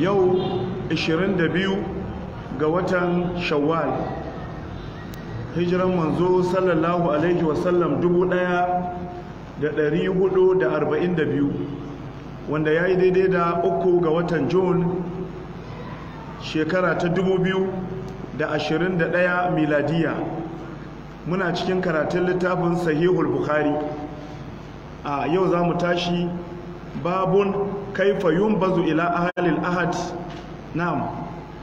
yau 22 ga watan shawwal hijiran manzo sallallahu alaihi wasallam 1442 wanda ya yi daidai da uku ga watan june shekara ta 2021 miladiya muna cikin karatun littafin sahihul bukhari a yau za mu tashi babun kaifa yunbazu ila ahalil ahad na'am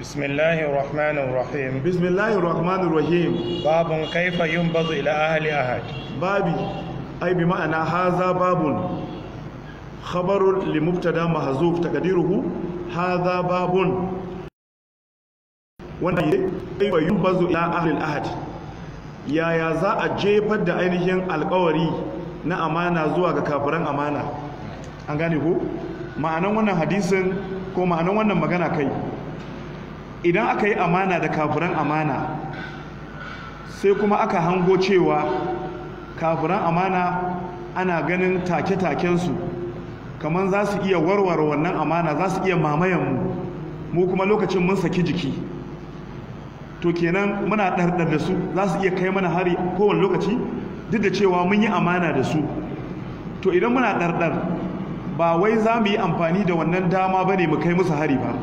بسم الله الرحمن الرحيم بسم الله الرحمن الرحيم باب كيف ينبض إلى أهل أحد بابي أي بمعنى هذا باب خبر لمبتدا محذوف تقديره هذا باب كيف ينبض إلى أهل الأحد يا يا za a jefar da ainihin alkawari na amana zuwa ga kafiran amana an gane ko ma'anan wannan hadisin ko ma'anan wannan magana kai idan aka yi amana da kafiran amana sai kuma aka hango cewa kafiran amana ana ganin take-takensu kamar za su iya warware wannan amana za su iya mamayenmu mu kuma lokacin mun saki jiki to kenan muna ɗarɗar da su za su iya kai mana hari kowane lokaci duk da cewa mun yi amana da su to idan muna ɗarɗar ba wai za mu yi amfani da wannan dama ba ne mu kai musu hari ba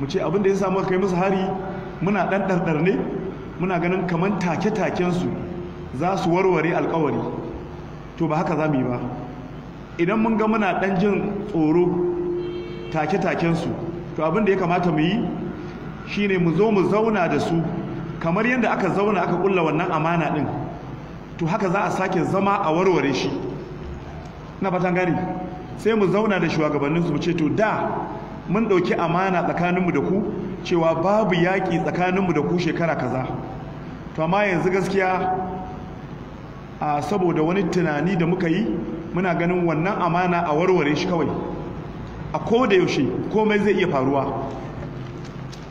mu ce abin ya samu kai musu hari muna ɗan ɗarɗar ne muna ganin kamar take-takensu za su warware alkawari to ba haka za mu yi ba idan mun ga muna ɗan jin tsoro take-takensu to abin ya kamata mu yi shi ne mu zo mu zauna da su kamar yadda aka zauna aka kulla wannan amana ɗin to haka za a sake zama a warware shi na fatan gani sai mu zauna da shugabanninsu su mu ce to da mun dauki amana tsakaninmu da ku cewa babu yaƙi tsakaninmu da ku shekara kaza to amma yanzu gaskiya a saboda wani tunani da muka yi muna ganin wannan amana a warware shi kawai a ko da yaushe komai zai iya faruwa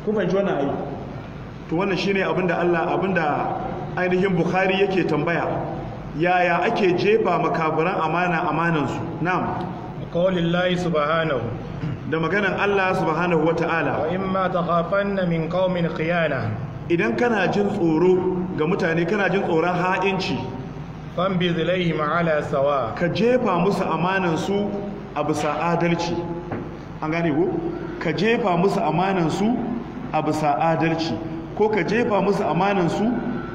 ku fahimci wannan ayi to wannan shine abinda Allah abinda ainihin Bukhari yake tambaya yaya ake jefa makaburan amana amanansu na'am layi subhanahu da maganan Allah subhanahu wata'ala wa imma takhafanna min min khiyana idan kana jin tsoro ga mutane kana jin tsoron ha'inci fambiz ilaihim ma'ala sawa ka jefa musu amanan su a bisa adalci an gane ko ka jefa musu amanan su a bisa adalci ko ka jefa musu amanan su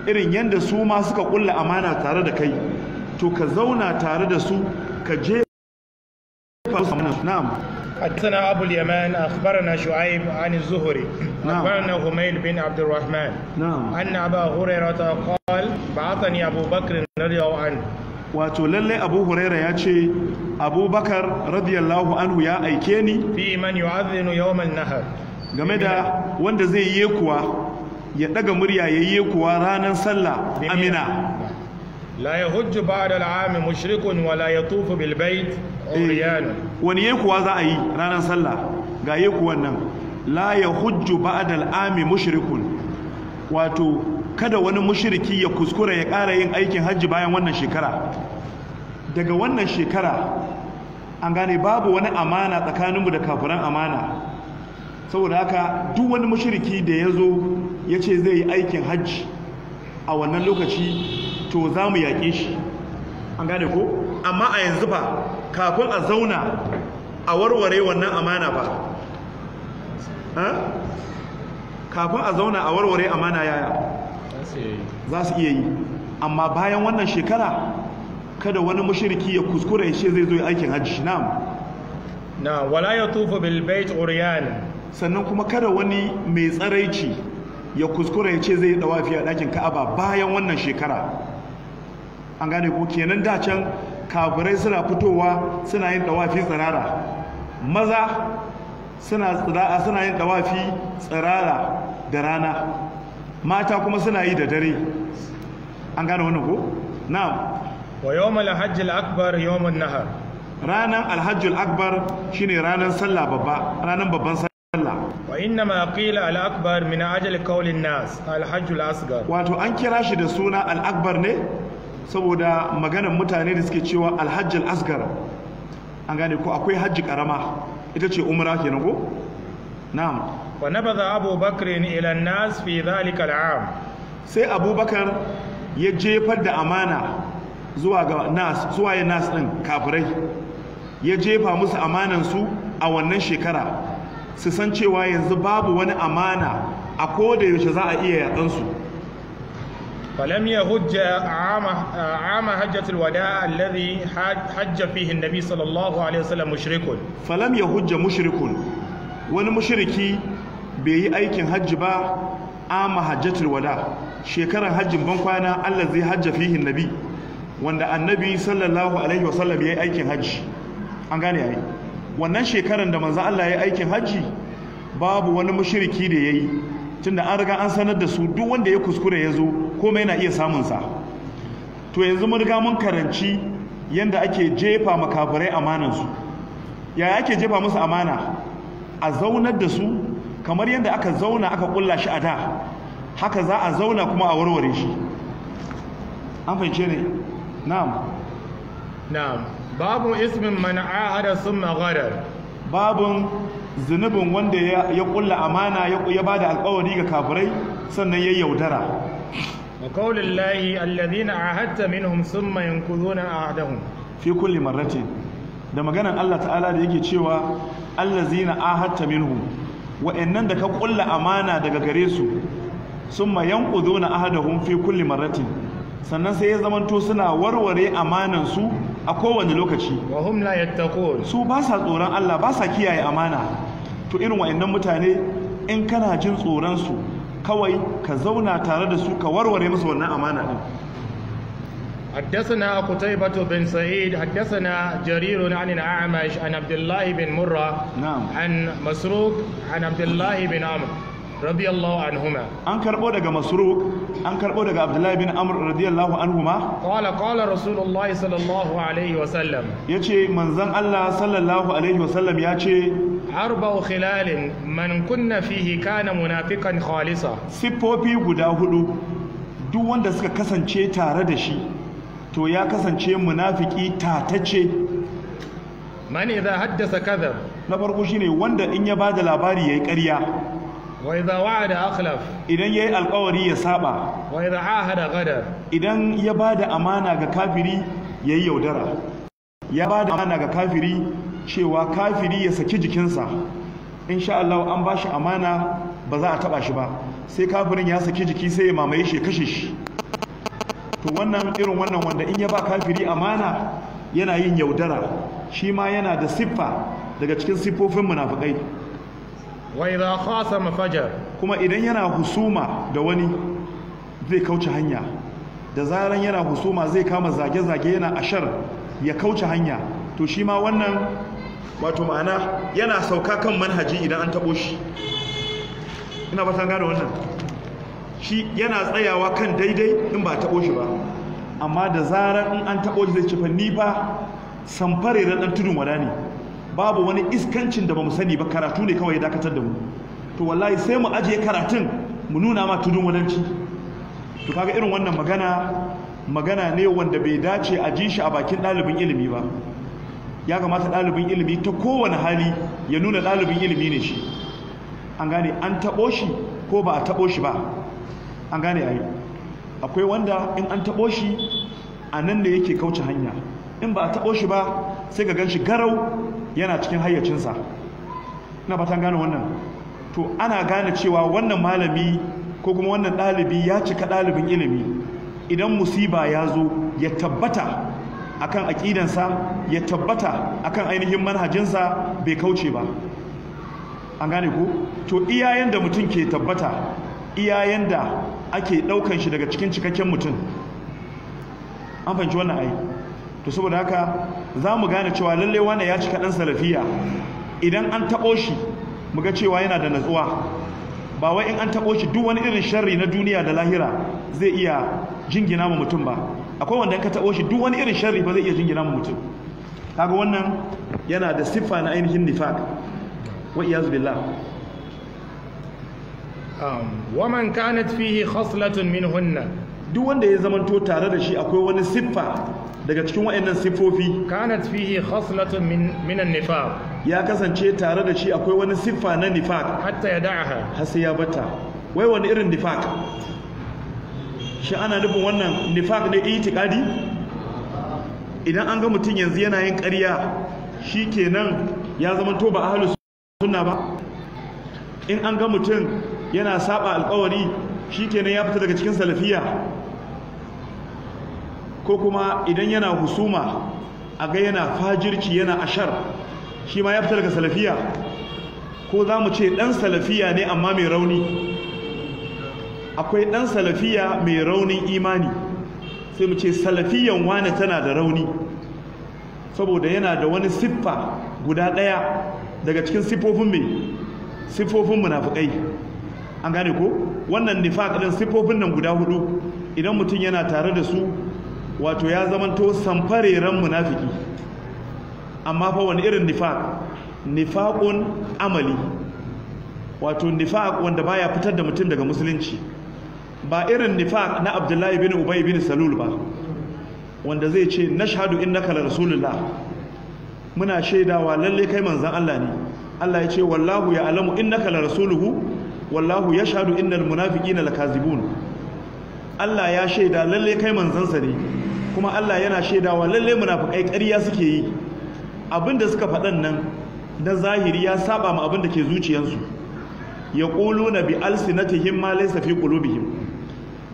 irin yadda su ma suka kulla amana tare da kai to ka zauna tare da su ka je نعم حدثنا أبو اليمان أخبرنا شعيب عن الزهري أخبرنا هميل بن عبد الرحمن أن أبا هريرة قال بعثني أبو بكر رضي الله عنه wato lallai abu huraira ya ce abubakar radiyallahu anhu ya aike ni fi man yu'adhinu yawmal nahar game da wanda zai yi kuwa ya daga murya ya yi kuwa ranar sallah amina la yahujju da al'ami mushrikun wa la ya tufu bait oriyan eh, wani ya kuwa za a yi ranar sallah ga ya kuwa nan la yahujju da al'ami mushrikun wato kada wani mushriki ya kuskura ya ƙara yin aikin hajji bayan wannan shekara daga wannan shekara an gane babu wani amana tsakaninmu da kafiran amana saboda haka duk wani mashiriki da ya zo ya ce zai yi aikin hajji a wannan lokaci to za mu yaƙe shi an gane ko amma a yanzu ba kafin a zauna a warware wannan amana ba kafin a zauna a warware amana yaya za su iya yi amma bayan wannan shekara kada wani mashiriki ya kuskura ya ce zai zo aikin hajji na'am na wala ya tufa bilbait uriyan sannan kuma kada wani mai tsaraici ya kuskura ya ce zai fiye a ɗakin ka'aba bayan wannan shekara an gane ko kenan dacen kafirai suna fitowa suna yin fi tsirara maza suna suna yin fi tsirara da rana mata kuma suna yi da dare an gane wannan ko na'am wa yawmal hajjil akbar yawmun nahar ranan alhajjul akbar shine ranan sallah babba ranan babban وإنما قيل الأكبر من أجل قول الناس الحج الأصغر واتو أن كرا شي da suna al ne saboda maganar mutane da suke cewa al-hajj a asghar an gane ko akwai hajji karama ita ce umra kenan ko na'am wa nabadha Abu Bakr ila an-nas fi dhalika al-'am sai Abu ya jefar da amana zuwa ga nas zuwa nas ya jefa musu amanan su a wannan shekara su san cewa yanzu babu wani amana a koda yaushe za a iya yaƙansu فلم يهج عام عام حجة الوداع الذي حج فيه النبي صلى الله عليه وسلم مشرك فلم يهج مشرك wani mushriki bai yi aikin hajji ba ama hajjatul wada shekaran hajjin ban kwana Allah zai hajja fihi nabi wanda annabi sallallahu alaihi wasallam yayi aikin hajji an gane wannan shekaran da manzo Allah ya aikin hajji babu wani mushriki da ya yayi tunda an riga an sanar da su duk wanda ya kuskure ya zo komai yana iya samun sa to yanzu mun riga mun karanci yanda ake jefa makabarai amanan su yaya ake jefa musu amana a zaunar da su kamar yadda aka zauna aka kulla shi a da haka za a zauna kuma a warware shi an fahimce ne na'am na'am babu ismin man ahada sun ghadar babun zunubin wanda ya kulla amana ya ba da alkawari ga kafirai sannan ya yaudara wa qaulil lahi alladhina ahadta minhum summa yanquduna ahdahum fi kulli marratin da maganan Allah ta'ala da yake cewa allazina ahadta minhum wa'annan da ka kulla amana daga gare su sun summa yanquduna ahdahum fi kulli marratin sannan sai ya zamanto suna warware amanansu? su a kowane lokaci su ba sa tsoron Allah ba sa kiyaye amana to irin wayannan mutane in kana jin tsoron su kawai ka zauna tare da su ka warware musu wannan amana din حدثنا قتيبة بن سعيد حدثنا جرير عن الأعمش عن عبد الله بن مرة نعم عن مسروق عن عبد الله بن عمرو radiyallahu anhuma an karbo daga masruq an karbo daga abdullahi bin amr radiyallahu anhuma qala qala rasulullah sallallahu alaihi wa sallam yace manzon Allah sallallahu alaihi wa sallam yace arba'u khilalin man kunna fihi kana munafiqan khalisa sifofi guda hudu duk wanda suka kasance tare da shi to ya kasance munafiki tatace man idha haddasa kadhab na farko shine wanda in ya bada labari yayi ƙarya wa idza akhlaf idan yayi alƙawari ya saba wa idza ahada ghadar idan ya bada amana ga kafiri yayi yaudara ya bada amana ga kafiri cewa kafiri ya saki jikinsa insha Allah an bashi amana ba za a taba shi ba sai kafirin ya saki jiki sai ya mamaye shi kashe shi to wannan irin wannan wanda in ya ba kafiri amana yana yin yaudara shi ma yana da siffa daga cikin siffofin munafikai wa idha khasama fajar kuma idan yana husuma da wani zai kauce hanya da zaran yana husuma zai kama zage-zage yana ashar ya kauce hanya to shi ma wannan wato ma'ana yana sauka kan manhaji idan an tabo shi ina ba san gane wannan shi yana tsayawa kan daidai in ba tabo shi ba amma da zarar in an tabo shi zai ce fa ni ba samfare ran dan tudun wada ne babu wani iskancin da ba mu sani ba karatu ne kawai ya dakatar da mu to wallahi sai mu ajiye karatun mu nuna ma tudun wadanci to kaga irin wannan magana magana ne wanda bai dace a ji shi a bakin ɗalibin ilimi ba ya kamata ɗalibin ilimi ta kowane hali ya nuna ɗalibin ilimi ne shi an gane an taɓo shi ko ba a taɓo shi ba an gane ayi akwai wanda in an taɓo shi a nan da yake kauce hanya in ba a taɓo shi ba sai ka gan shi garau yana cikin hayyacinsa ina fatan gane wannan to ana gane cewa wannan malami ko kuma wannan ɗalibi ya cika ɗalibin ilimi idan musiba ya zo ya tabbata akan aƙidansa ya tabbata akan ainihin manhajinsa bai kauce ba an gane ko to iyayen da mutum ke tabbata iyayen da ake ɗaukan shi daga cikin cikakken mutum an fahimci wannan ai to saboda haka za mu gane cewa lalle wane ya cika ɗan salafiya idan an taɓo shi muga cewa yana da natsuwa ba wai in an taɓo shi duk wani irin sharri na duniya da lahira zai iya jingina ma mutum ba akwai wanda ka taɓo shi duk wani irin sharri ba zai iya jingina ma mutum kaga wannan yana da siffa na ainihin nifaq wa iyaz billah um man kanat fihi khaslatun minhunna duk wanda ya zamanto tare da shi akwai wani siffa daga cikin waɗannan siffofi kanat fihi khaslatun min an nifaq ya kasance tare da shi akwai wani siffa na nifaq hatta ya da'aha har sai ya bata wai wani irin nifaq shi ana nufin wannan nifaq ne itiqadi idan an ga mutum yanzu yana yin ƙarya shikenan ya zama to ba ahlus sunna ba in an ga mutum yana saba alƙawari shikenan ya fita daga cikin salafiya ko kuma idan yana husuma a ga yana fajirci yana ashar shi ma ya fitar ga salafiya ko za mu ce ɗan salafiya ne amma mai rauni akwai ɗan salafiya mai raunin imani sai mu ce salafiyan wane tana da rauni saboda yana da wani siffa guda ɗaya daga cikin siffofin mai siffofin munafukai an gane ko wannan nifa ɗin siffofin nan guda hudu idan mutum yana tare da su wato ya zamanto samfareren munafiki amma fa wani irin nifaq nifaqun amali wato nifaq wanda baya fitar da mutum daga musulunci ba irin nifaq na Abdullahi bin Ubay bin Salul ba wanda zai ce nashhadu innaka rasulullah muna shaidawa lalle kai manzon Allah ne Allah ya ce wallahu ya alamu innaka rasuluhu wallahu yashhadu innal munafiqina lakazibun Allah ya shaida lalle kai manzansa ne kuma Allah yana shaidawa lalle munafikai ƙarya suke yi abinda suka faɗan nan na zahiri ya saba ma abinda ke zuciyarsu na bi alsinatihim ma laysa fi qulubihim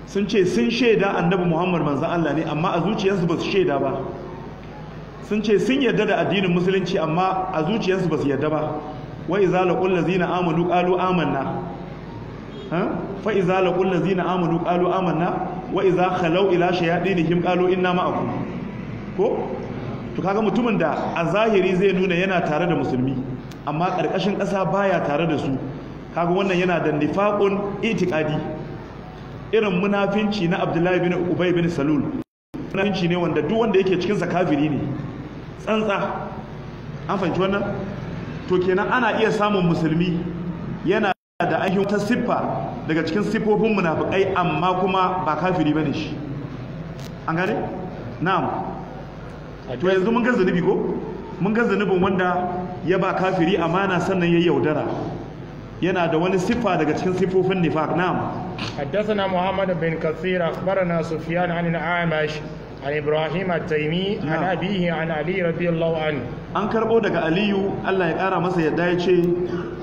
sun ce sun shaida annabi Muhammad manzon Allah ne amma a zuciyarsu ba su shaida ba sun ce sun yarda da addinin musulunci amma a zuciyarsu ba su yarda ba wa iza laqul ladzina amanu qalu amanna fa iza laqul ladzina amanu qalu amanna wa iza ya ila shayatinihim qalu inna ma'akum ko to kaga mutumin da a zahiri zai nuna yana tare da musulmi amma karkashin ƙasa baya tare da su kaga wannan yana da nifaqun itiqadi irin munafinci na Abdullahi bin Ubay bin Salul munafinci ne wanda duk wanda yake cikin kafiri ne tsantsa an fahimci wannan to kenan ana iya samun musulmi yana ainihin wata siffa daga cikin siffofin munafukai, amma kuma ba kafiri bane shi an gane na'am to yanzu mun ga zanubi ko mun ga zanubin wanda ya ba kafiri amana sannan ya yaudara yana da wani siffa daga cikin siffofin nifaq na'am حدثنا bin بن كثير اخبرنا na عن الاعمش Amash ابراهيم Ibrahim عن an abihi an Aliyu radiyallahu an an karbo daga aliyu Allah ya kara masa yadda ya ce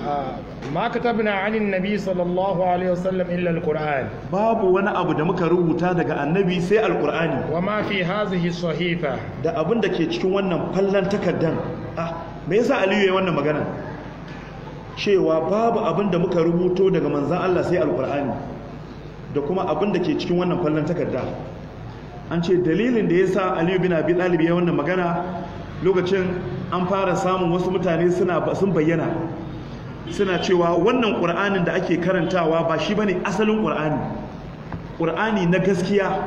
ah, ma katabna anin nabi sallallahu alaihi wasallam illa alquran babu wani abu da muka rubuta daga annabi sai alqurani wa ma fi hadhihi sahifa da abin da ke cikin wannan fallan takardan ah me yasa aliyu ya wannan magana cewa babu abin da muka rubuto daga manzan Allah sai alqurani da kuma abin da ke cikin wannan fallan takarda an ce dalilin da yasa aliyu bin abi talib ya wannan magana lokacin an fara samun wasu mutane suna sun bayyana suna cewa wannan ƙur'anin da ake karantawa ba shi ba ne asalin ƙur'ani ƙur'ani na gaskiya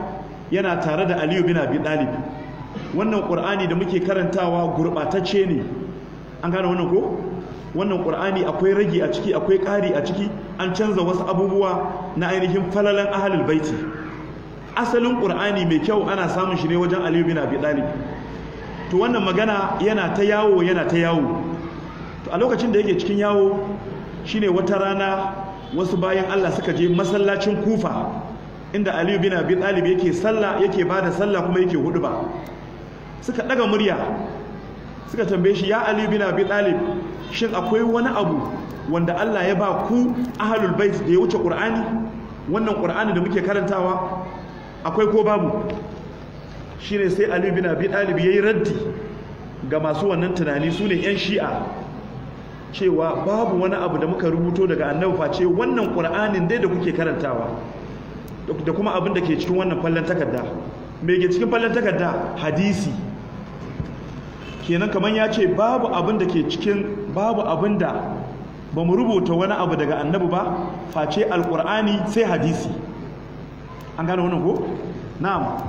yana tare da aliyu bin abi dalib wannan ƙur'ani da muke karantawa gurɓatacce ne an gane wannan ko wannan ƙur'ani akwai ragi a ciki akwai ƙari a ciki an canza wasu abubuwa na ainihin falalan ahalul baiti asalin ƙur'ani mai kyau ana samun shi ne wajen aliyu bin abi dalib to wannan magana yana ta yawo yana ta yawo a lokacin da yake cikin yawo shine wata rana wasu bayan Allah suka je masallacin Kufa inda Aliyu bin Abi Talib yake sallah yake bada sallah kuma yake ba. suka daga murya suka tambaye shi ya Aliyu bin Abi Talib shin akwai wani abu wanda Allah ya ba ku ahlul bait da ya wuce Qur'ani wannan Qur'ani da muke karantawa akwai ko babu shine sai Aliyu bin Abi ya yi raddi ga masu wannan tunani su ne 'yan shi'a cewa babu wani abu da muka rubuto daga annabi face wannan qur'anin dai da kuke karantawa da kuma abin da ke cikin wannan fallan takarda me ke cikin fallan takarda hadisi kenan kamar ya ce babu abin da ke cikin babu abin da ba mu rubuta wani abu daga annabi ba face alqur'ani sai hadisi an gane wannan ko na'am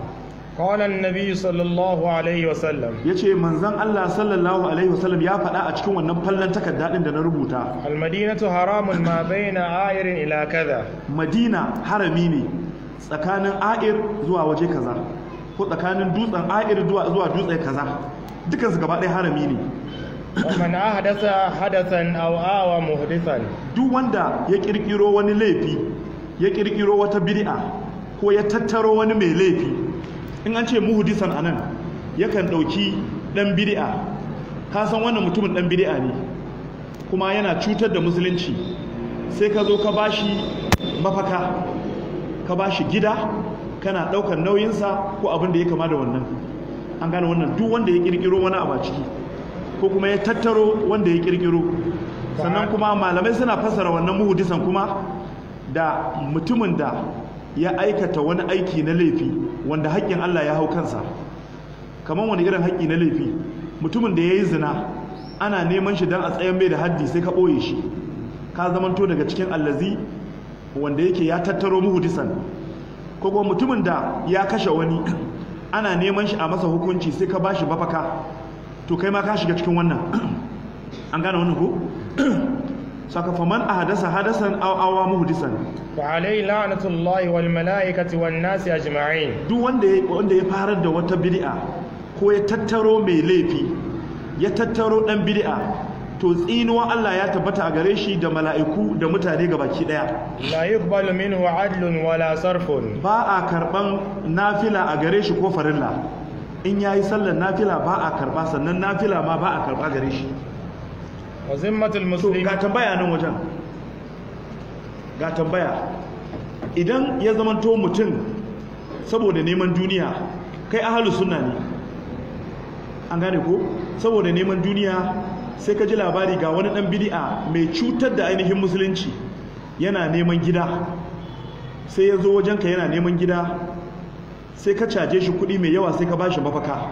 قال النبي صلى الله عليه وسلم يجي منزان الله صلى الله عليه وسلم يا a cikin wannan fallan takarda da na rubuta al madinatu haramun ma baina a'irin ila kaza madina harami ne tsakanin a'ir zuwa waje kaza ko tsakanin dutsen a'ir zuwa dutse kaza dukan gaba ɗaya harami ne man ahdatha hadathan aw awa muhdithan duk wanda ya ƙirƙiro wani laifi ya ƙirƙiro wata bid'a ko ya tattaro wani mai laifi in an ce muhudisan anan yakan ɗauki ɗan bid'a ka san wannan mutumin dan bid'a ne kuma yana cutar da musulunci sai ka zo ka bashi mafaka ka bashi gida kana ɗaukar nauyinsa ko abin da ya kama da wannan an gane wannan duk wanda ya kirkiro wani abu a ciki ko kuma ya tattaro wanda ya kirkiro sannan kuma malamai suna fassara wannan muhudisan kuma da mutumin da ya aikata wani aiki na laifi wanda haƙƙin Allah ya hau kansa kamar wani irin haƙƙi na laifi mutumin da ya yi zina ana neman shi don a tsayan mai da haddi sai ka ɓoye shi ka zamanto daga cikin allazi wanda yake ya tattaro muhudisan ko kuma mutumin da ya kashe wani ana neman shi a masa hukunci sai ka ba shi mafaka to kai ma ka shiga cikin wannan an gane wannan ko saka faman ahdasa hadasan aw awa muhdisan fa alai la'natullahi wal malaikati wan nasi ajma'in duk wanda ya farar da wata bid'a ko ya tattaro mai laifi ya tattaro dan bid'a to tsinuwa Allah ya tabbata a gare shi da mala'iku da mutane ga baki daya la yuqbalu minhu adlun wala sarfun ba a karban nafila a gare shi ko farilla in yayi sallar nafila ba a karba sannan nafila ma ba a karba gare shi zimmatul muslimi ga tambaya nan wajen ga tambaya idan ya zamanto mutum saboda neman duniya kai ahlus sunna ne an gane ko saboda neman duniya sai ka ji labari ga wani dan bid'a mai cutar da ainihin musulunci yana neman gida sai ya zo wajenka yana neman gida sai ka caje shi kuɗi mai yawa sai ka ba shi mafaka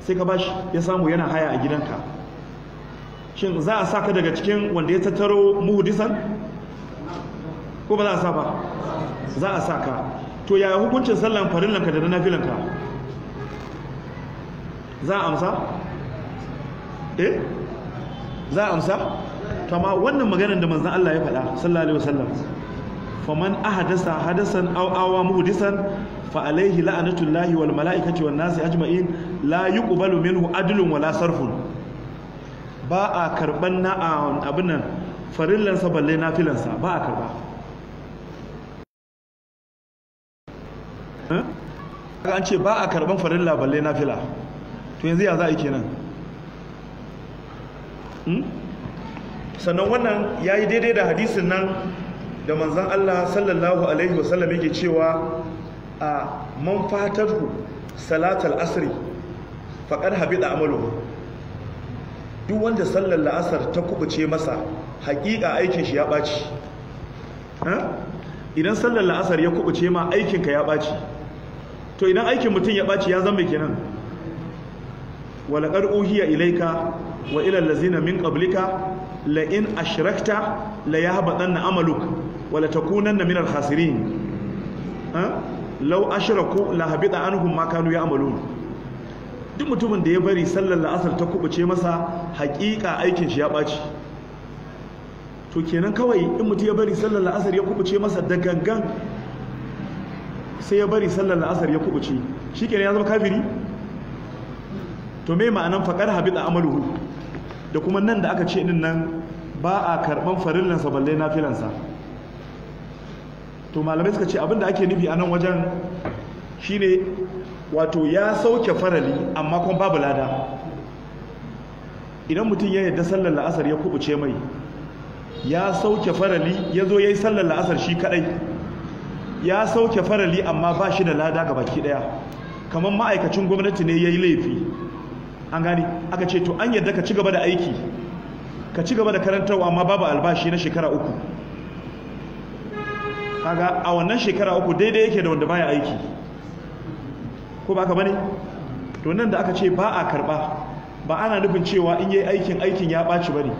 sai ka bashi ya samu yana haya a gidanka shin za a saka daga cikin wanda ya tattaro muhudisan ko ba za a sa ba za a saka to yaya hukuncin sallan farillanka da na nafilanka za a amsa eh za a amsa to ma wannan maganar da manzan Allah ya faɗa sallallahu alaihi wasallam faman ahadasa hadasan aw awa muhdisan fa alaihi la'natullahi wal mala'ikati wan nasi ajma'in la yuqbalu minhu adlun wala sarfun ba a karban na abin nan farillansa balle na filansa ba a karba an ce ba a karban farilla balle na fila to yanzu ya za a yi kenan hmm? sannan wannan ya yi daidai da hadisin nan da manzan Allah sallallahu alaihi wasallam yake cewa a man fatarhu salatal asri faƙar habida amalu duk wanda sallar la'asar ta kubuce masa haƙiƙa aikin shi ya ɓaci idan sallar la'asar ya kubuce ma aikinka ya ɓaci to idan aikin mutum ya ɓaci ya zama kenan walaƙar uhiya ilaika wa ilal lazina min qablika la in ashrakta la yahbatanna amaluk wa la takunanna Lau khasirin law ashraku la habita anhum ma kanu ya'malun duk mutumin da ya bari sallar la'asar ta kubuce masa haƙiƙa aikin shi ya ɓaci to kenan kawai in mutum ya bari sallar la'asar ya kubuce masa da gangan sai ya bari sallar la'asar ya kubuce shi kenan ya zama kafiri to me ma'anan faƙar habita amaluhu da kuma nan da aka ce din nan ba a karɓan farillansa balle na filansa to malamai suka ce abinda ake nufi a nan wajen shine wato ya sauke farali amma kuma babu lada idan mutum ya yadda sallar la'asar ya kubuce mai ya sauke farali ya zo ya yi sallar la'asar shi kadai ya sauke farali amma ba shi da lada ga baki daya kamar ma'aikacin gwamnati ne ya yi laifi an gani aka ce to an yadda ka ci gaba da aiki ka ci gaba da karantarwa amma babu albashi na shekara uku a wannan shekara uku daidai yake da wanda baya aiki ko ba ka bane to nan da aka ce ba a karba ba ana nufin cewa in yayi aikin aikin ya ɓaci bane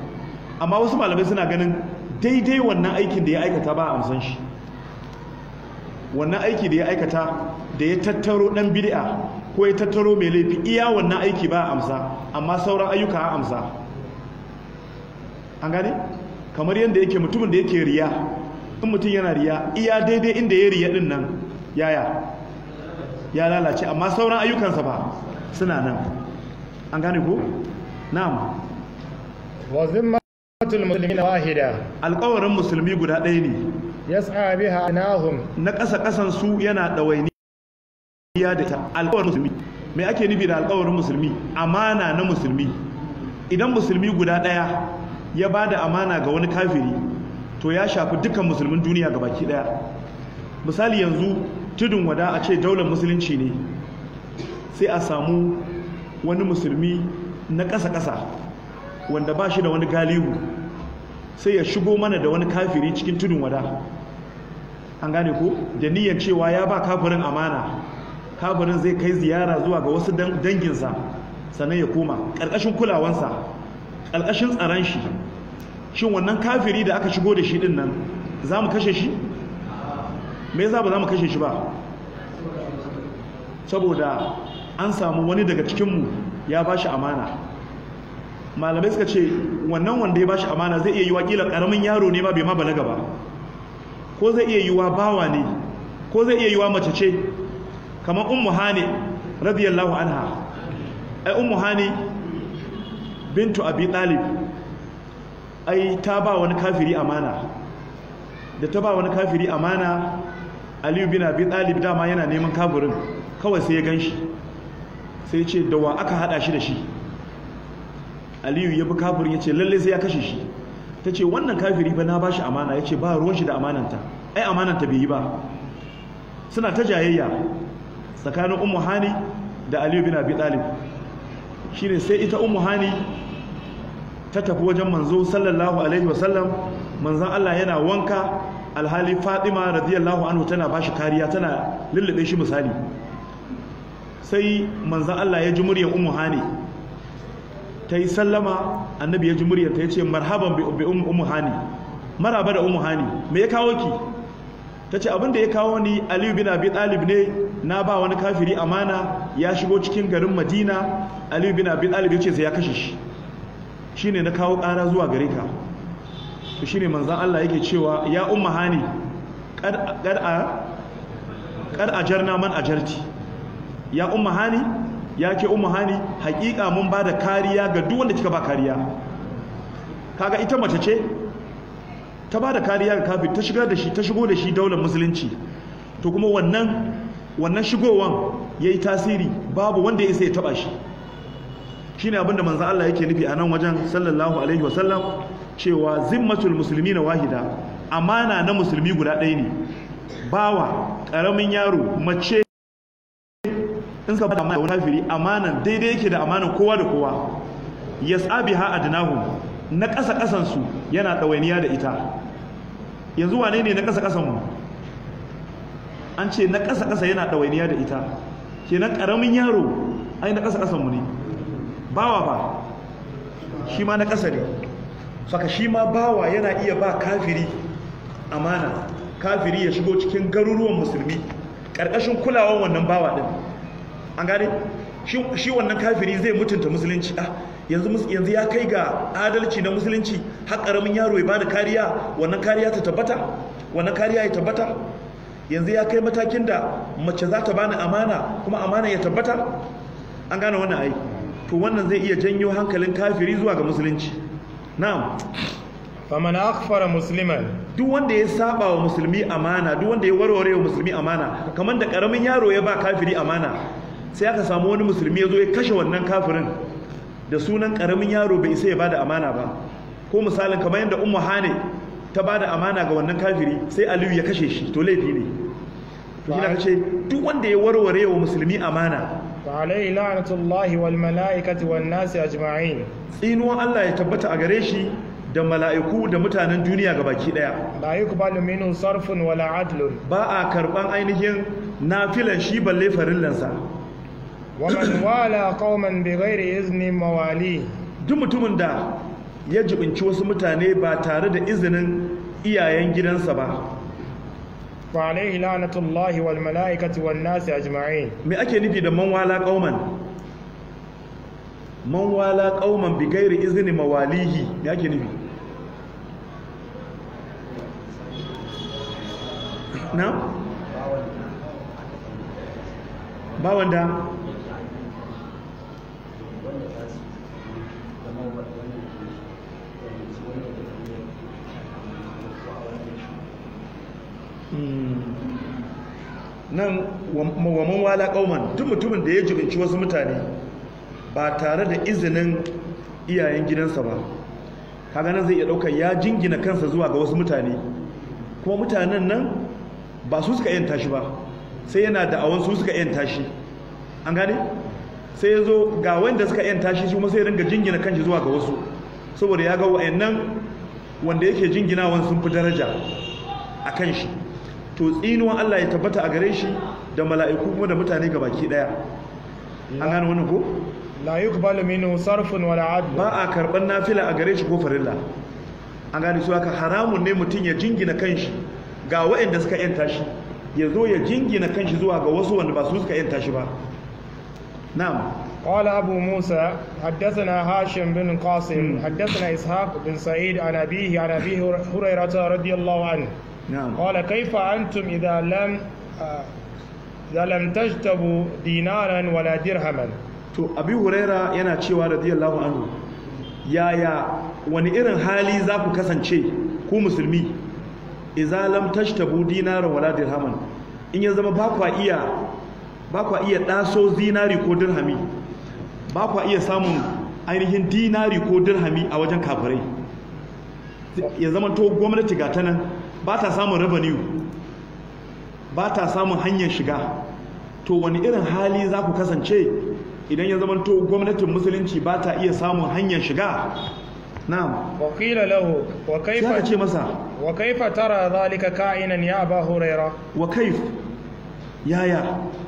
amma wasu malamai suna ganin daidai wannan aikin da ya aikata ba a amsan shi wannan aiki da ya aikata da ya tattaro dan bid'a ko ya tattaro mai laifi iya wannan aiki ba a amsa amma sauran ayyuka a amsa an gane kamar yadda yake mutumin da yake riya in mutum yana riya iya daidai inda ya riya din nan yaya ya lalace amma sauran ayyukansa ba suna nan an gane ko na'am wa zimmatul muslimina wahida alƙawarin musulmi guda ɗaya ne yas'a biha anahum na ƙasa ƙasan su yana ya da ta alƙawarin musulmi me ake nufi da alƙawarin musulmi amana na musulmi idan musulmi guda ɗaya ya ba da amana ga wani kafiri to ya shafi dukkan musulmin duniya gabaki ɗaya misali yanzu tudun wada a ce daular musulunci ne sai a samu wani musulmi na ƙasa-ƙasa wanda ba shi da wani galihu sai ya shigo mana da wani kafiri cikin tudun wada an gane ko da niyyar cewa ya ba kafirin amana kafirin zai kai ziyara zuwa ga wasu danginsa sannan ya koma ƙarƙashin kulawansa ƙarƙashin tsaron shi shin wannan kafiri da aka shigo da shi ɗin nan za mu kashe shi me za ba za mu kashe shi ba saboda an samu wani daga cikinmu ya ba shi amana malamai suka ce wannan wanda ya ba shi amana zai iya yi kila karamin yaro ne ba bai ma balaga ba ko zai iya wa bawa ne ko zai iya wa mace ce kamar ummu hani radiyallahu anha ai ummu hani bintu abi talib ai ta ba wani kafiri amana da ta ba wani kafiri amana aliyu bin abi talib dama yana neman kafirin kawai sai ya ganshi. shi sai ce da wa aka hada shi da shi aliyu ya bi kafirin ya ce lalle sai ya kashe shi ta ce wannan kafiri ba na ba shi amana ya ce ba ruwan shi da amananta ai amananta bai yi ba suna ta jayayya tsakanin ummu hani da aliyu bin abi talib shine sai ita ummu hani ta tafi wajen manzo sallallahu alaihi wasallam manzan Allah yana wanka alhali Fadima radiyallahu anhu tana ba shi kariya tana lullube shi misali sai manzan Allah ya ji muryar ummu hani ta yi sallama annabi ya ji muryar ta ce marhaban bi ummu hani maraba da ummu hani me ya kawo ki ta ce abinda ya kawo ni aliyu bin abi talib ne na ba wani kafiri amana ya shigo cikin garin madina aliyu bin abi talib ya ce sai ya kashe shi shine na kawo ƙara zuwa gare ka to shine manzan Allah yake cewa ya umma hani kar a qad ajarna man ya umma hani ya ke umma hani hakika mun ba da kariya ga duk wanda kika ba kariya kaga ita mace ce ta ba da kariya ga kafin ta shigar da shi ta shigo da shi daular musulunci to kuma wannan wannan shigowan yi tasiri babu wanda ya isa ya taba shi shine abinda manzan Allah yake nufi a nan wajen sallallahu alaihi wasallam cewa zimmatul musulmi na wahida amana na musulmi guda ɗaya ne bawa ƙaramin yaro mace in ka bada wani kafiri amanan daidai yake da amanan kowa da kowa tsabi ha adinahu na ƙasa ƙasansu yana ɗawainiya da ita yanzu wane ne na ƙasa ƙasan mu an ce na ƙasa ƙasa yana ɗawainiya da ita kenan ƙaramin yaro ai na ƙasa ƙasan mu ne bawa ba shi ma na ƙasa ne saka shi ma bawa yana iya ba kafiri amana kafiri ya shigo cikin garuruwan musulmi ƙarƙashin kulawan wannan bawa ɗin an gane shi wannan kafiri zai mutunta musulunci ah, yanzu ya kai ga adalci na musulunci har ƙaramin yaro ya bada kariya wannan kariya ta tabbata wannan kariya ya tabbata yanzu ya kai matakin da mace za ta bani amana kuma amana ya tabbata an gane wannan ai to wannan zai iya janyo hankalin kafiri zuwa ga musulunci na'am faman akhfara musliman duk wanda ya saba wa musulmi amana duk wanda ya warware wa musulmi amana kamar da karamin yaro ya ba kafiri amana sai aka samu wani musulmi ya zo ya kashe wannan kafirin da sunan karamin yaro bai isa ya bada amana ba ko misalin kamar yadda ummu hane ta bada amana ga wannan kafiri sai aliyu ya kashe shi to laifi ne to shi ce duk wanda ya warware wa musulmi amana فعليه لعنة الله والملائكة والناس أجمعين إن الله يتبت أغريشي da mala'iku da mutanen duniya ga baki daya la yuqbalu minhu sarfun wala adlun ba a karban ainihin nafilan shi balle farillansa wa man wala qauman bighairi izni mawali duk mutumin da ya jibinci wasu mutane ba tare da izinin iyayen gidansa ba wa alaihi lanatullahi wal mala'ikati wan nasi ajma'in me ake nufi da man wala qauman man wala izni mawalihi me ake nufi Hmm. nan waman wala kauman duk mutumin da ya jibinci wasu mutane ba tare da izinin iyayen gidansa ba kaga nan zai iya dauka ya jingina kansa zuwa ga wasu mutane kuma mutanen nan ba su suka yanta shi ba sai yana da awon su suka yanta shi an gane sai ya zo ga wanda suka yanta shi kuma sai ringa jingina kanshi zuwa ga wasu saboda ya ga wa'annan wanda yake jinginawan sun fi daraja a kan shi to tsinuwan Allah ya tabbata a gare shi da mala'iku kuma da mutane ga baki daya an gane wani ko la yuqbalu minhu sarfun wala adl ba a karban nafila a gare shi ko farilla an gane su haka haramun ne mutum ya jingina kanshi ga waɗanda suka yanta shi ya zo ya jingina kanshi zuwa ga wasu wanda ba su suka yanta shi ba na'am قال أبو موسى حدثنا هاشم بن قاسم حدثنا إسحاق بن سعيد عن أبيه عن أبي هريرة رضي الله عنه نعم قال كيف أنتم إذا لم إذا لم تجتبوا دينارا ولا درهما تو abi huraira yana cewa رضي الله yaya wani irin hali za ku kasance ko musulmi idza lam tashtabu dinaran wala dirhaman in ya zama ba kwa iya iya daso zinari ko dirhami ba samun ainihin dinari ko dirhami a wajen kafirai ya zama to gwamnati ga ta nan ba ta samun revenue ba ta samun hanyar shiga to wani irin hali za ku kasance idan ya zama to gwamnatin musulunci ba ta iya samun hanyar shiga na'am wa qila lahu wa kaifa ce masa wa kaifa tara zalika ka'inan ya aba huraira wa kaif yaya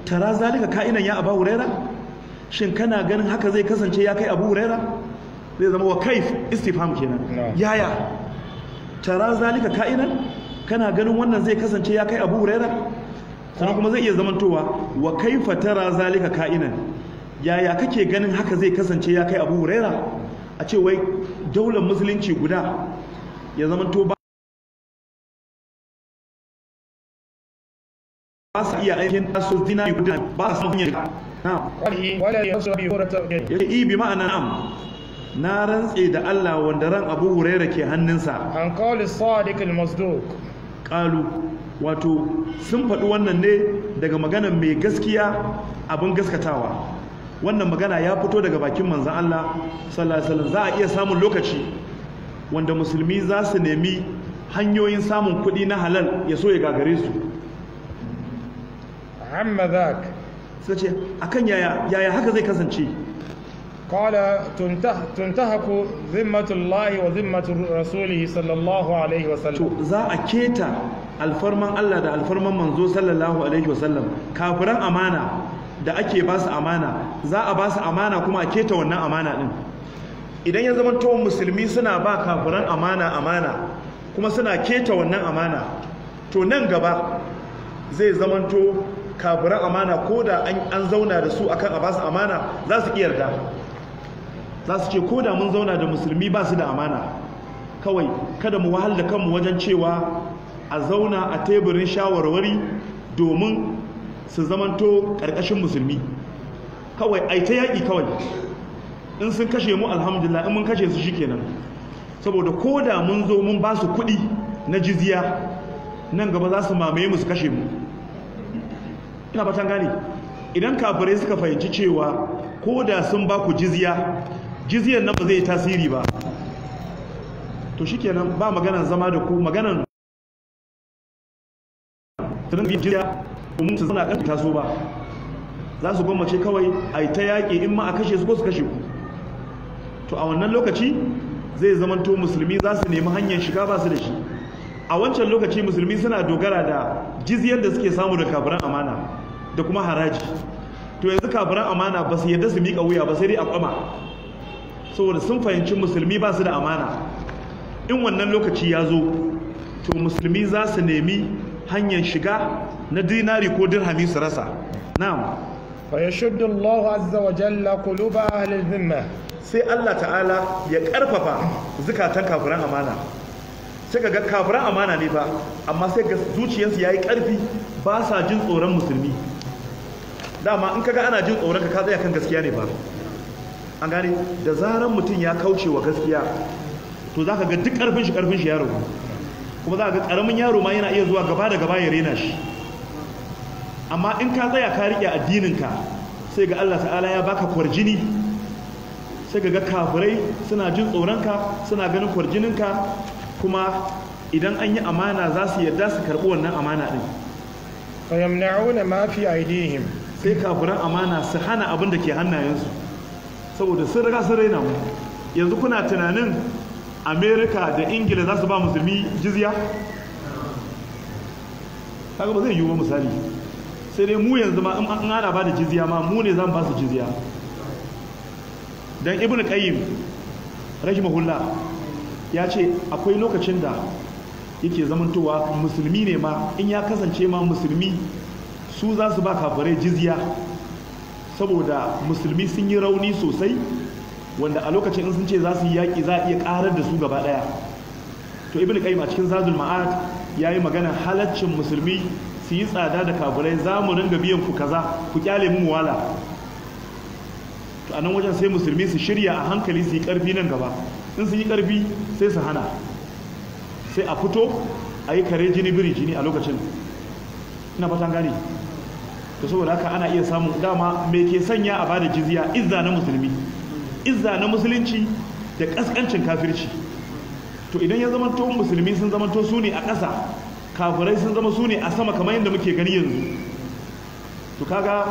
tara zalika ka'inan ya aba huraira shin kana ganin haka zai kasance ya kai abu huraira zai zama wa kaif istifham kenan yaya tara zalika ka'inan kana ganin wannan zai kasance ya kai abu huraira sannan kuma zai iya zamantowa wa kai fatara zalika ka'inan yaya kake ganin haka zai kasance ya kai abu huraira a ce wai daular musulunci guda ya zamanto ba ba su iya aikin tasu zina guda ba su hanyar ya ce ibi ma'ana na rantse da Allah wanda ran abu huraira ke hannunsa an kawai lissawa al-masduq Kalu, wato sun faɗi wannan ne daga magana mai gaskiya abin gaskatawa wannan magana ya fito daga bakin manzan Allah sallallahu za a iya samun lokaci wanda musulmi za su nemi hanyoyin samun kuɗi na halal ya so ya gagare su amma zak sai ce akan yaya yaya haka zai kasance قال تنتهك ذمة الله وذمة رسوله صلى الله عليه وسلم za a keta alfarman Allah da alfarman manzo sallallahu alaihi wasallam kafiran amana da ake ba amana za a ba su amana kuma a keta wannan amana din idan ya zama musulmi suna ba kafiran amana amana kuma suna keta wannan amana to nan gaba zai zama to kafiran amana ko da an zauna da su akan a basu amana za su iya yarda za su ce ko da mun zauna da musulmi ba su da amana kawai kada mu wahal da kanmu wajen cewa a zauna a teburin shawarwari domin su zamanto ƙarƙashin musulmi kawai ai ta yaki kawai in sun kashe mu alhamdulillah in mun kashe su shikenan saboda ko da mun zo mun ba su kuɗi na jizya nan gaba za su mamaye mu su kashe mu ina fatan gane idan kafirai suka fahimci cewa ko da sun ba ku jizya Jiziyar nan ba zai tasiri ba to shi kenan ba maganan zama da ku maganan tunan biyan jizya domin su zauna ƙarfi taso ba za su gwammace kawai a yi ta yaƙi in ma a kashe su ko su kashe ku to a wannan lokaci zai zamanto musulmi za su nemi hanyar shiga ba su da shi a wancan lokaci musulmi suna dogara da jiziyar da suke samu da kafiran amana da kuma haraji to yanzu kafiran amana ba su yadda su miƙa wuya ba sai dai a kwama saboda sun fahimci musulmi ba su da amana in wannan lokaci ya zo to musulmi za su nemi hanyar shiga na dinari ko dirhami su rasa na'am fa yashuddu Allahu azza wa jalla quluba ahli dhimma sai Allah ta'ala ya karfafa zukatan kafiran amana sai ga kafiran amana ne ba amma sai ga zuciyarsu yayi karfi ba sa jin tsoron musulmi dama in kaga ana jin tsoron ka ka tsaya kan gaskiya ne ba an gane da zaran mutum ya kauce wa gaskiya to za ka ga duk karfin shi karfin shi yaro kuma za ka ga karamin yaro ma yana iya zuwa gaba da gaba ya rena shi amma in ka tsaya ka riƙe addininka sai ga Allah ta'ala ya baka kwarjini sai ga kafirai suna jin tsoronka suna ganin kwarjininka kuma idan an yi amana za su yarda su karɓi wannan amana ɗin yamna'una ma fi aidihim sai kafiran amana su hana abin da ke hannayensu saboda sun riga sun raina mu yanzu kuna tunanin amerika da ingila za su ba musulmi jizya kaga ba zai yiwu ba misali sai dai mu yanzu ma in ana ba da jizya ma mu ne zan ba su jizya dan ibnu qayyim rahimahullah ya ce akwai lokacin da yake zamantowa musulmi ne ma in ya kasance ma musulmi su za su ba kafirai jizya saboda musulmi sun yi rauni sosai wanda a lokacin in sun ce za su yi yaƙi za a iya ƙarar da su gaba ɗaya to ibn qayyim a cikin zadul ya yi magana halaccin musulmi su yi tsada da kaburai za mu ringa biyan ku kaza ku kyale mu wala to a nan wajen sai musulmi su shirya a hankali su yi ƙarfi nan gaba in sun yi ƙarfi sai su hana sai a fito a yi kare jini biri jini a lokacin ina fatan gane to saboda haka ana iya samun dama me ke sanya a bada jizya izza na musulmi izza na musulunci da kaskancin kafirci to idan ya zama to musulmi sun zama to su ne a ƙasa kafirai sun zama su ne a sama kamar yadda muke gani yanzu to kaga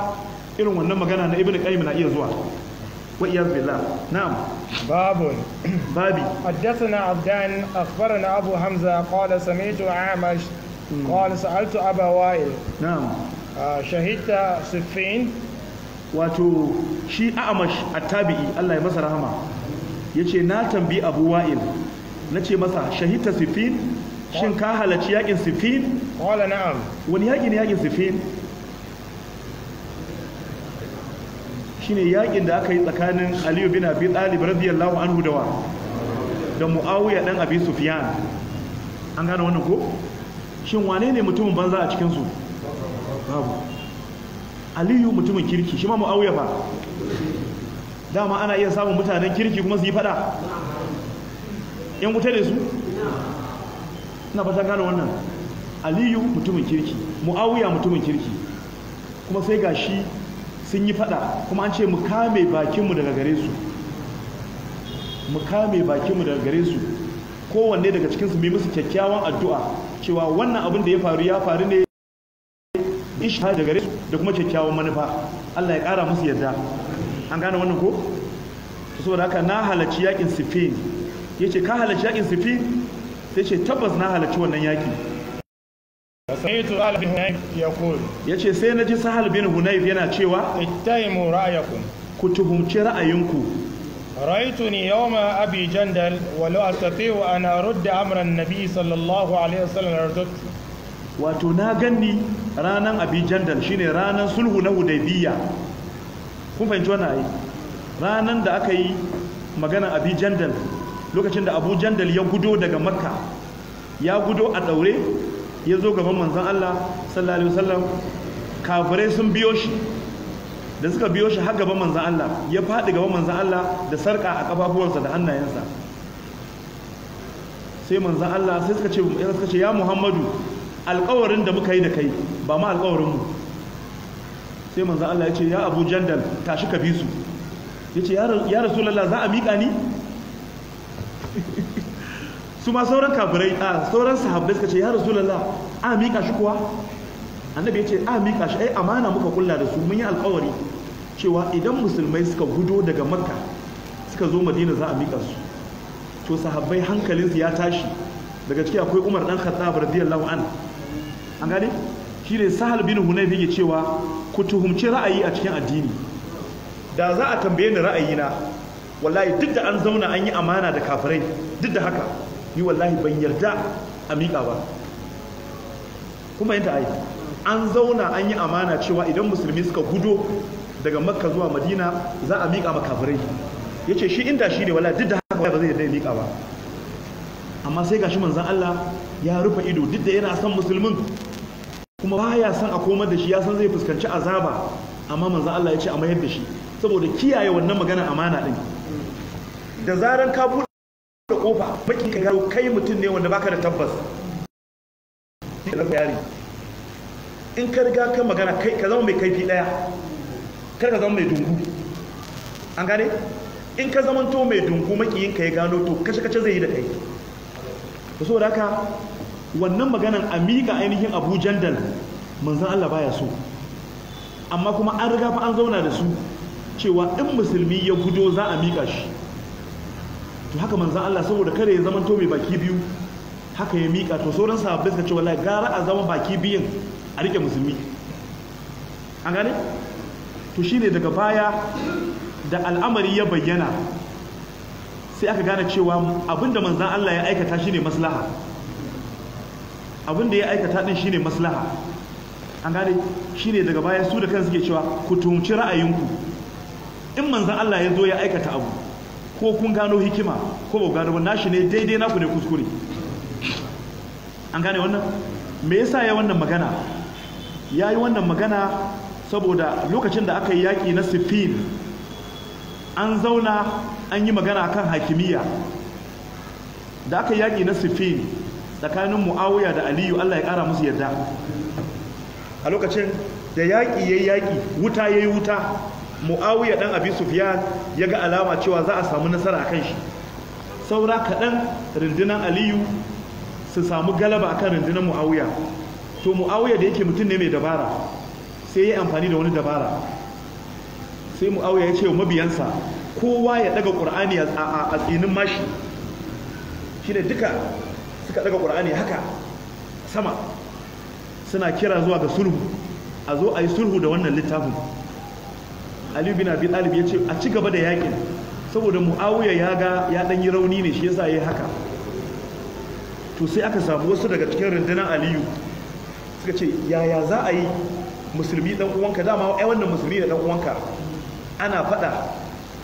irin wannan magana na ibnu qayyim na iya zuwa وإياذ بالله na باب بابي حدثنا عبدان أخبرنا أبو حمزة قال سمعت Amash قال سألت أبا وائل نعم Ah, shahita siffin wato shi a'amash attabi'i Allah ya masa rahama yace na tambi Abu Wa'il nace masa shahita siffin shin ka halarci yakin siffin wala na'am wani yaki ne yakin siffin shine yakin da aka yi tsakanin Aliyu bin Abi Talib radiyallahu anhu da wa da Muawiya dan Abi Sufyan an gane wannan ko shin wane ne mutumin banza a cikin su babu aliyu mutumin kirki shi ma mu'awiya fa dama ana iya samun mutanen kirki kuma su yi fada yan wuta da su ina fatan gano wannan aliyu mutumin kirki mu'awiya mutumin kirki kuma sai ga shi sun yi fada kuma an ce mu kame bakinmu daga gare su mu kame bakinmu daga gare su kowanne daga cikinsu mai musu kyakkyawan addu'a cewa wannan abin da ya faru ya faru ne isha da gare su da kuma kyakkyawan manufa Allah ya kara musu yadda an gane wannan ko saboda haka na halarci yakin sifin ce ka halarci yakin sifin sai ce tabbas na halarci wannan yaki ya ce sai na ji Sahal bin Hunayf yana cewa ittaimu ra'ayakum ku tuhumci ra'ayinku Raitu yau ma أبي جندل ولو a tafiya أرد أمر النبي صلى الله عليه وسلم لرددته wato na ganni ranan abijandal shine ranan sulhu na hudaybiya kun fahimci wannan ayi ranan da aka yi maganan abijandal lokacin da abu jandal ya gudo daga makka ya gudo a daure ya zo gaban manzon Allah sallallahu alaihi wasallam kafirai sun biyo shi da suka biyo shi har gaban manzon Allah ya faɗi gaban manzon Allah da sarka a kafafuwansa da hannayensa sai manzon Allah sai suka ce ya Muhammadu alkawarin da muka yi da kai ba ma alkawarinmu sai manzan Allah ya ce ya abu jandal tashi ka bi su ya ce ya rasulallah za a miƙa ni su ma sauran kafirai a sauran sahabbai suka ce ya rasulallah a miƙa shi kuwa annabi ya ce a miƙa shi ai amana muka kulla da su mun yi alkawari cewa idan musulmai suka gudo daga makka suka zo madina za a miƙa su to sahabbai hankalinsu ya tashi daga ciki akwai umar dan khattab radiyallahu anhu an gane shi ne sahal bin hunayf yake cewa ku tuhumci ra'ayi a cikin addini da za a tambaye ni ra'ayina wallahi duk da an zauna an yi amana da kafirai duk da haka ni wallahi ban yarda a miƙa ba kuma yadda ai an zauna an yi amana cewa idan musulmi suka gudo daga makka zuwa madina za a miƙa makafirai ya ce shi inda shi ne wallahi duk da haka ba zai yarda ya miƙa ba amma sai gashi manzan Allah ya rufe ido duk da yana son musulmin kuma ba ya san a komar da shi ya san zai fuskanci azaba amma manzo Allah ya ce a mayar da shi saboda kiyaye wannan magana amana din da zaran ka bude kofa baki ka yaro kai mutum ne wanda baka da tabbas in ka riga ka magana kai ka zama mai kaifi daya kar ka zama mai dungu an gane in ka zama to mai dungu makiyinka ya gano to kashe kace zai yi da kai saboda haka wannan maganan a miƙa ainihin abu jandal manzan Allah baya so amma kuma an riga fa an zauna da su cewa in musulmi ya gudo za a miƙa shi to haka manzan Allah saboda kare ya zama to mai baki biyu haka ya miƙa to sauran sahabbai suka ce wallahi gara a zama baki biyun a rike musulmi an gane to shine daga baya da al'amari ya bayyana sai aka gane cewa abinda manzan Allah ya aikata shine maslaha abin da ya aikata din shine maslaha an gane shine daga bayan su da kansu suke cewa ku tumci ra'ayinku in manzon Allah ya zo ya aikata abu ko kun gano hikima ko ba gano ba shi ne daidai naku ne kuskure an gane wannan me yasa ya wannan magana ya yi wannan magana saboda lokacin da aka yi yaƙi na sifin an zauna an yi magana kan hakimiyya da aka yi yaƙi na sifin tsakanin muawiya da aliyu Allah ya kara musu yarda a lokacin da yaƙi yayi yaƙi wuta ya yi wuta muawiya ɗan abi sufyan ya ga alama cewa za a samu nasara a kan shi saura kaɗan rundunar aliyu su samu galaba akan rundunar muawiya to muawiya da yake mutum ne mai dabara sai ya amfani da wani dabara sai muawiya ya ce wa mabiyansa kowa ya ɗaga ƙur'ani a tsinin mashi shine duka suka daga ƙura'ani haka sama suna kira zuwa ga sulhu a zo a yi sulhu da wannan littafin aliyu bin abin talib ya ce a ci gaba da yakin saboda mu'awuya ya ga ya dan yi rauni ne shi yasa yi haka to sai aka samu wasu daga cikin rundunar aliyu suka ce yaya za a yi musulmi dan uwanka dama ai wannan musulmi da dan uwanka ana faɗa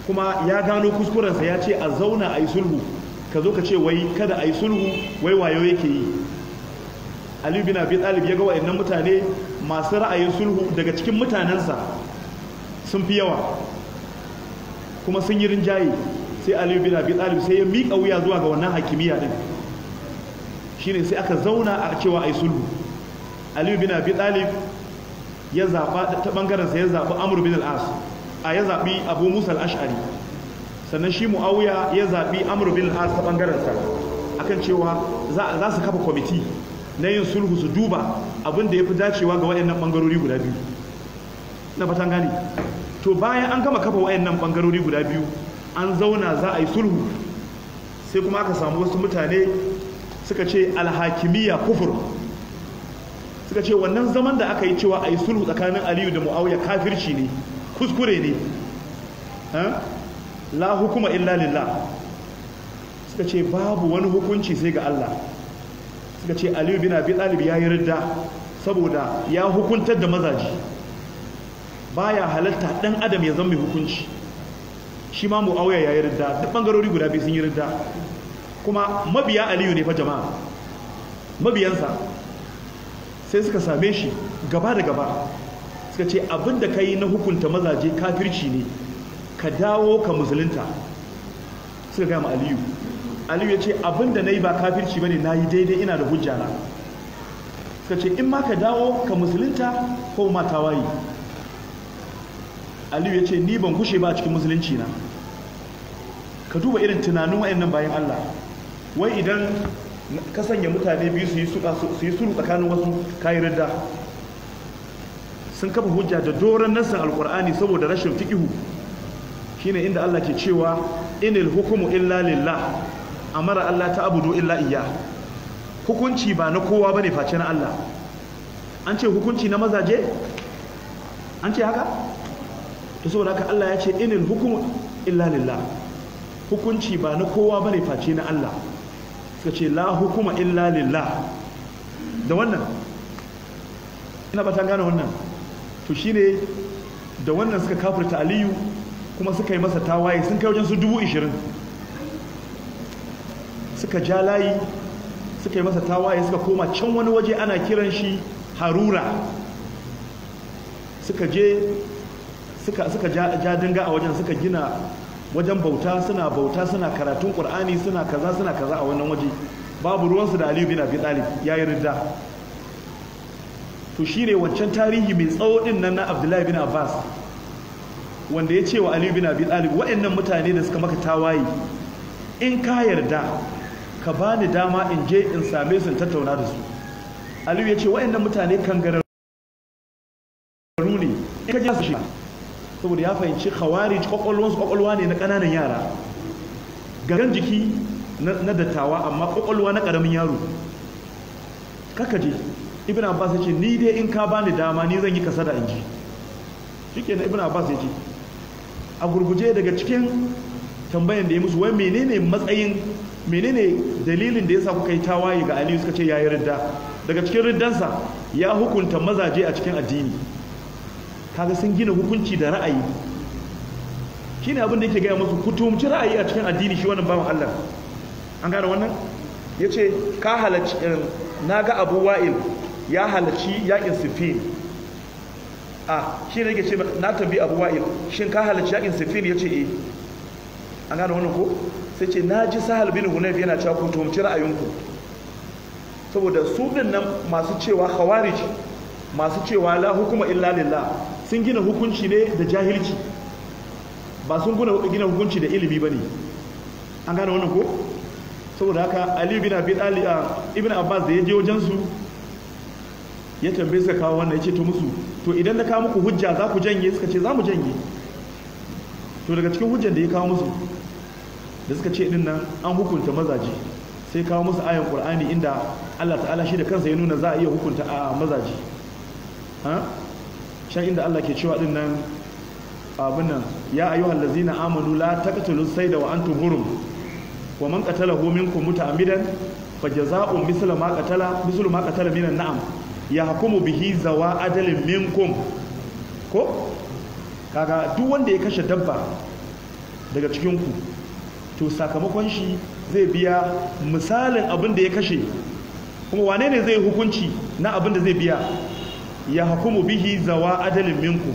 kuma ya gano kuskurensa ya ce a zauna a yi sulhu ka zo ka ce wai kada a yi sulhu wai wayo yake yi aliyu bin abi talib ya ga wa'annan mutane masu ra'ayin sulhu daga cikin mutanensa sun fi yawa kuma sun yi rinjaye sai aliyu bin abi talib sai ya miƙa wuya zuwa ga wannan hakimiyya din shine sai aka zauna a cewa yi sulhu aliyu bin abi talib ya zaɓa ta ɓangarensa ya zaɓi amur bin al'as a ya zaɓi abu musa al'ashari sannan shi muawiya ya zaɓi amur bin al'as ta ɓangarensa a akan cewa za su kafa kwamiti na yin sulhu su duba abin da fi dacewa ga wayannan ɓangarori guda biyu na fatan gani to bayan an gama kafa wayannan ɓangarori guda biyu an zauna za a yi sulhu sai kuma aka samu wasu mutane suka ce alhakimiyya kufur suka ce wannan zaman da aka yi cewa a yi sulhu tsakanin aliyu da mu'awiya kafirci ne kuskure ne la hukuma illa lillah suka ce babu wani hukunci sai ga Allah suka ce aliyu bin abi talib ya yi ridda saboda ya hukuntar da mazaji baya halatta dan adam ya zama mai hukunci shi ma muawiya ya yi ridda duk bangarori guda biyu sun yi ridda kuma mabiya aliyu ne fa jama'a mabiyansa sai suka same shi gaba da gaba suka ce abinda kayi na hukunta mazaje kafirci ne ka dawo ka musulunta suka gama aliyu aliyu ya ce abinda na yi ba kafirci ba ne na yi daidai ina da hujja na suka ce in ma ka dawo ka musulunta ko ma aliyu ya ce ni ban kushe ba a cikin musulunci na ka duba irin tunanin wayannan bayan allah wai idan ka sanya mutane biyu su yi suka su yi sulu tsakanin wasu kayi radda sun kafa hujja da doron nassan alkur'ani saboda rashin fiƙihu shine inda Allah ke cewa inil hukumu illa lillah amara Allah ta abudu illa iya hukunci ba na kowa bane face na Allah an ce hukunci na mazaje an ce haka to saboda haka Allah ya ce inil hukumu illa lillah hukunci ba na kowa bane face na Allah suka ce la hukuma illa lillah da wannan ina ba ta gane wannan to shine da wannan suka kafirta aliyu kuma suka yi masa tawaye sun kai wajen su dubu ishirin suka ja layi suka yi masa tawaye suka koma can wani waje ana kiran shi harura suka je suka ja dinga a wajen suka gina wajen bauta suna bauta suna karatun qur'ani suna kaza suna kaza a wannan waje babu ruwansu da aliyu bin abi talib ya yi ridda to shi ne wancan tarihi mai tsawo din nan na abdullahi bin abbas wanda ya ce wa aliyu bin abi talib waɗannan mutane da suka maka tawaye in ka yarda ka bani dama in je in same su tattauna da su aliyu ya ce waɗannan mutane kan kangararru ne in ka je su saboda ya fahimci khawarij kwakwalwansu kwakwalwa ne na ƙananan yara gangan jiki na dattawa amma kwakwalwa na ƙaramin yaro kaka je ibn abbas ya ce ni dai in ka bani dama ni zan yi kasada in ji shikenan ibn abbas ya ce a gurguje daga cikin tambayan da ya musu wai menene matsayin menene dalilin da yasa kuka yi tawaye ga aliyu suka ce yayi ridda daga cikin riddansa ya hukunta mazaje a cikin addini kaga sun gina hukunci da ra'ayi shine abin da yake gaya musu ku ra'ayi a cikin addini shi wannan bawan Allah an gane wannan yace ka halacci naga Abu Wa'il ya halacci yakin sifin a shi ne yake ce na tambi abu wa'il shin ka halarci yakin sifin ya ce eh an gane wannan ko sai ce na ji sahal bin hunayf yana cewa ku tumci ra'ayinku saboda su nan masu cewa khawarij masu cewa la hukuma illa lillah sun gina hukunci ne da jahilci ba sun gina hukunci da ilimi ba ne an gane wannan ko saboda haka aliyu bin abi ali ah, ibn abbas da ya je wajensu ya tambaye su kawo wannan ya ce to musu to idan na kawo muku hujja za ku janye suka ce za mu janye to daga cikin hujjan da ya kawo musu da suka ce din nan an hukunta mazaji sai kawo musu ayan qur'ani inda Allah ta'ala shi da kansa ya nuna za a iya hukunta a mazaji shan inda Allah ke cewa din nan abin nan ya ayyuhal ladzina amanu la taqtulu sayda wa antum hurum wa man qatalahu minkum muta'ammidan fajaza'un mislu ma qatala mislu ma qatala minan na'am ya hukumu bihi zawa adalin minkum ko kaga duk wanda ya kashe dabba daga cikin ku to sakamakon shi zai biya misalin abin da ya kashe kuma wane ne zai hukunci na abin da zai biya ya hukumu bihi zawa adalin minkum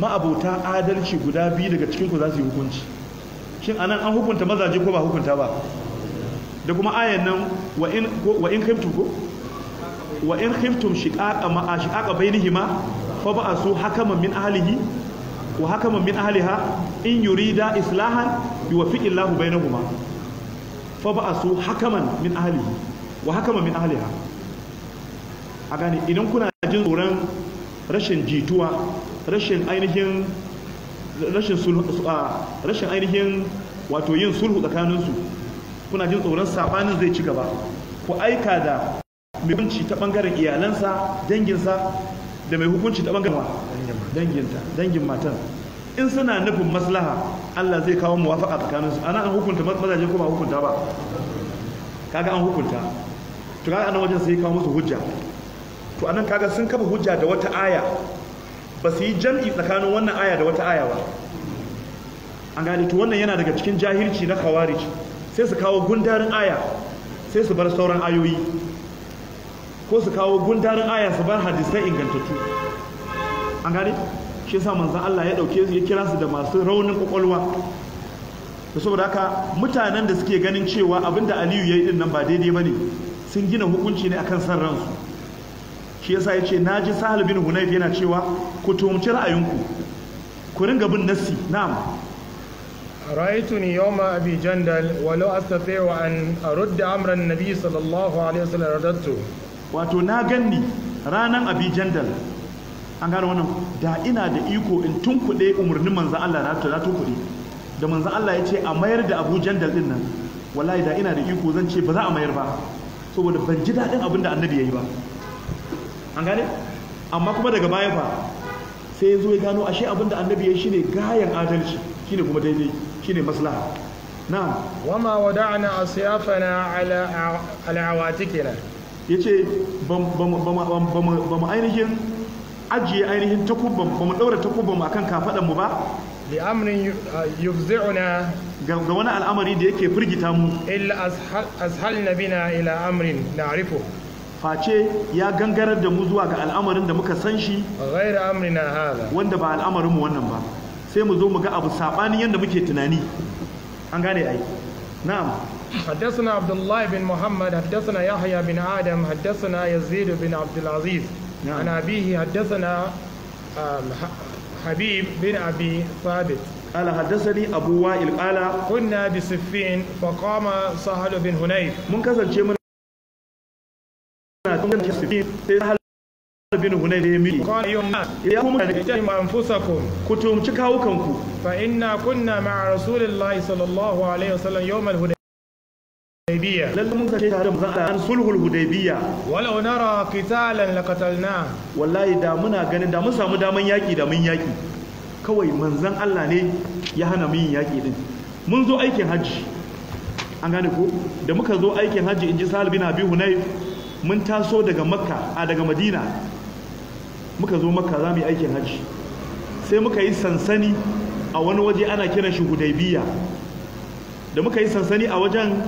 ma'abota adalci guda biyu daga cikin ku za su yi hukunci shin anan an hukunta mazaje ko ba hukunta ba da kuma ayan nan wa in kaimtu ko wa in khiftum shiqaqa ma ashiqaqa bainihima fa ba'asu hakaman min ahlihi wa hakaman min ahliha in yurida islahan yuwaffiqu Allahu bainahuma fa ba'asu hakaman min ahlihi wa hakaman min ahliha a gane idan kuna jin tsoron rashin jituwa rashin ainihin rashin sulhu rashin ainihin wato yin sulhu tsakaninsu kuna jin tsoron sabanin zai ci gaba ku aika da mai hukunci ta bangaren iyalansa danginsa da mai hukunci ta bangaren danginta dangin matan in suna nufin maslaha Allah zai kawo muwafaka tsakanin su ana an hukunta mazaje kuma hukunta ba kaga an hukunta to kaga anan wajen sai kawo musu hujja to anan kaga sun kafa hujja da wata aya ba su yi jam'i tsakanin wannan aya da wata aya ba an gane to wannan yana daga cikin jahilci na khawarij sai su kawo gundarin aya sai su bar sauran ayoyi ko su kawo gundarin aya su bar hadisai ingantattu an gane shi yasa manzon Allah ya dauke su ya kira su da masu raunin kwakwalwa da saboda haka mutanen da suke ganin cewa abinda Aliyu yayi din nan ba daidai bane sun gina hukunci ne akan san ransu shi yasa yace naji Sahal bin Hunayf yana cewa ku tumci ra'ayinku ku ringa bin nassi na'am رأيتني يوم أبي جندل ولو أستطيع أن أرد أمر النبي صلى الله عليه وسلم رددته wato na ganni ranan abi jandal an gano wannan da ina da iko in tunkuɗe umarnin manzan Allah na ta tunkuɗe da manzan Allah ya ce a mayar da Abu Jandal din nan wallahi da ina da iko zan ce ba za a mayar ba saboda ban ji daɗin abin da annabi ya yi ba an gane amma kuma daga baya fa sai ya zo ya gano ashe abin da annabi ya yi shine gayan adalci shine kuma daidai shine maslaha na'am wama wada'na asyafana ala ala ya ce ba mu ainihin ajiye ainihin takubban ba mu ɗaura takubban akan kafaɗanmu ba li'amrin yufzi'una ga wani al'amari da yake firgita mu illa azhalna bina ila amrin na'rifu face ya gangarar da mu zuwa ga al'amarin da muka san shi ghayra amrina hada wanda ba al'amarin mu wannan ba sai mu zo mu ga abu sabanin yanda muke tunani an gane ai na'am حدثنا عبد الله بن محمد حدثنا يحيى بن آدم حدثنا يزيد بن عبد العزيز نعم. عن أبيه حدثنا حبيب بن أبي ثابت قال حدثني أبو وائل قال كنا بسفين فقام سهل بن هنيف من كسر شيء من bin hunay da yami qala yawm ya hum tajma anfusakum kutum cikawukanku fa inna kunna ma'a rasulillahi sallallahu alaihi wasallam yawm al hudaybiya لن mun kace tare mu zan an sulhul hudaybiya walau nara qitalan laqatalna wallahi da muna ganin da mun samu daman yaki da mun yaki kawai manzon Allah ne ya hana mu yin yaki din mun zo aikin hajji an gane ko da muka zo aikin hajji inji Sa'al bin Abi Hunayf mun taso daga Makka a daga Madina muka zo Makka za mu yi aikin hajji sai muka yi sansani a wani waje ana kiran shi hudaybiya da muka yi sansani a wajen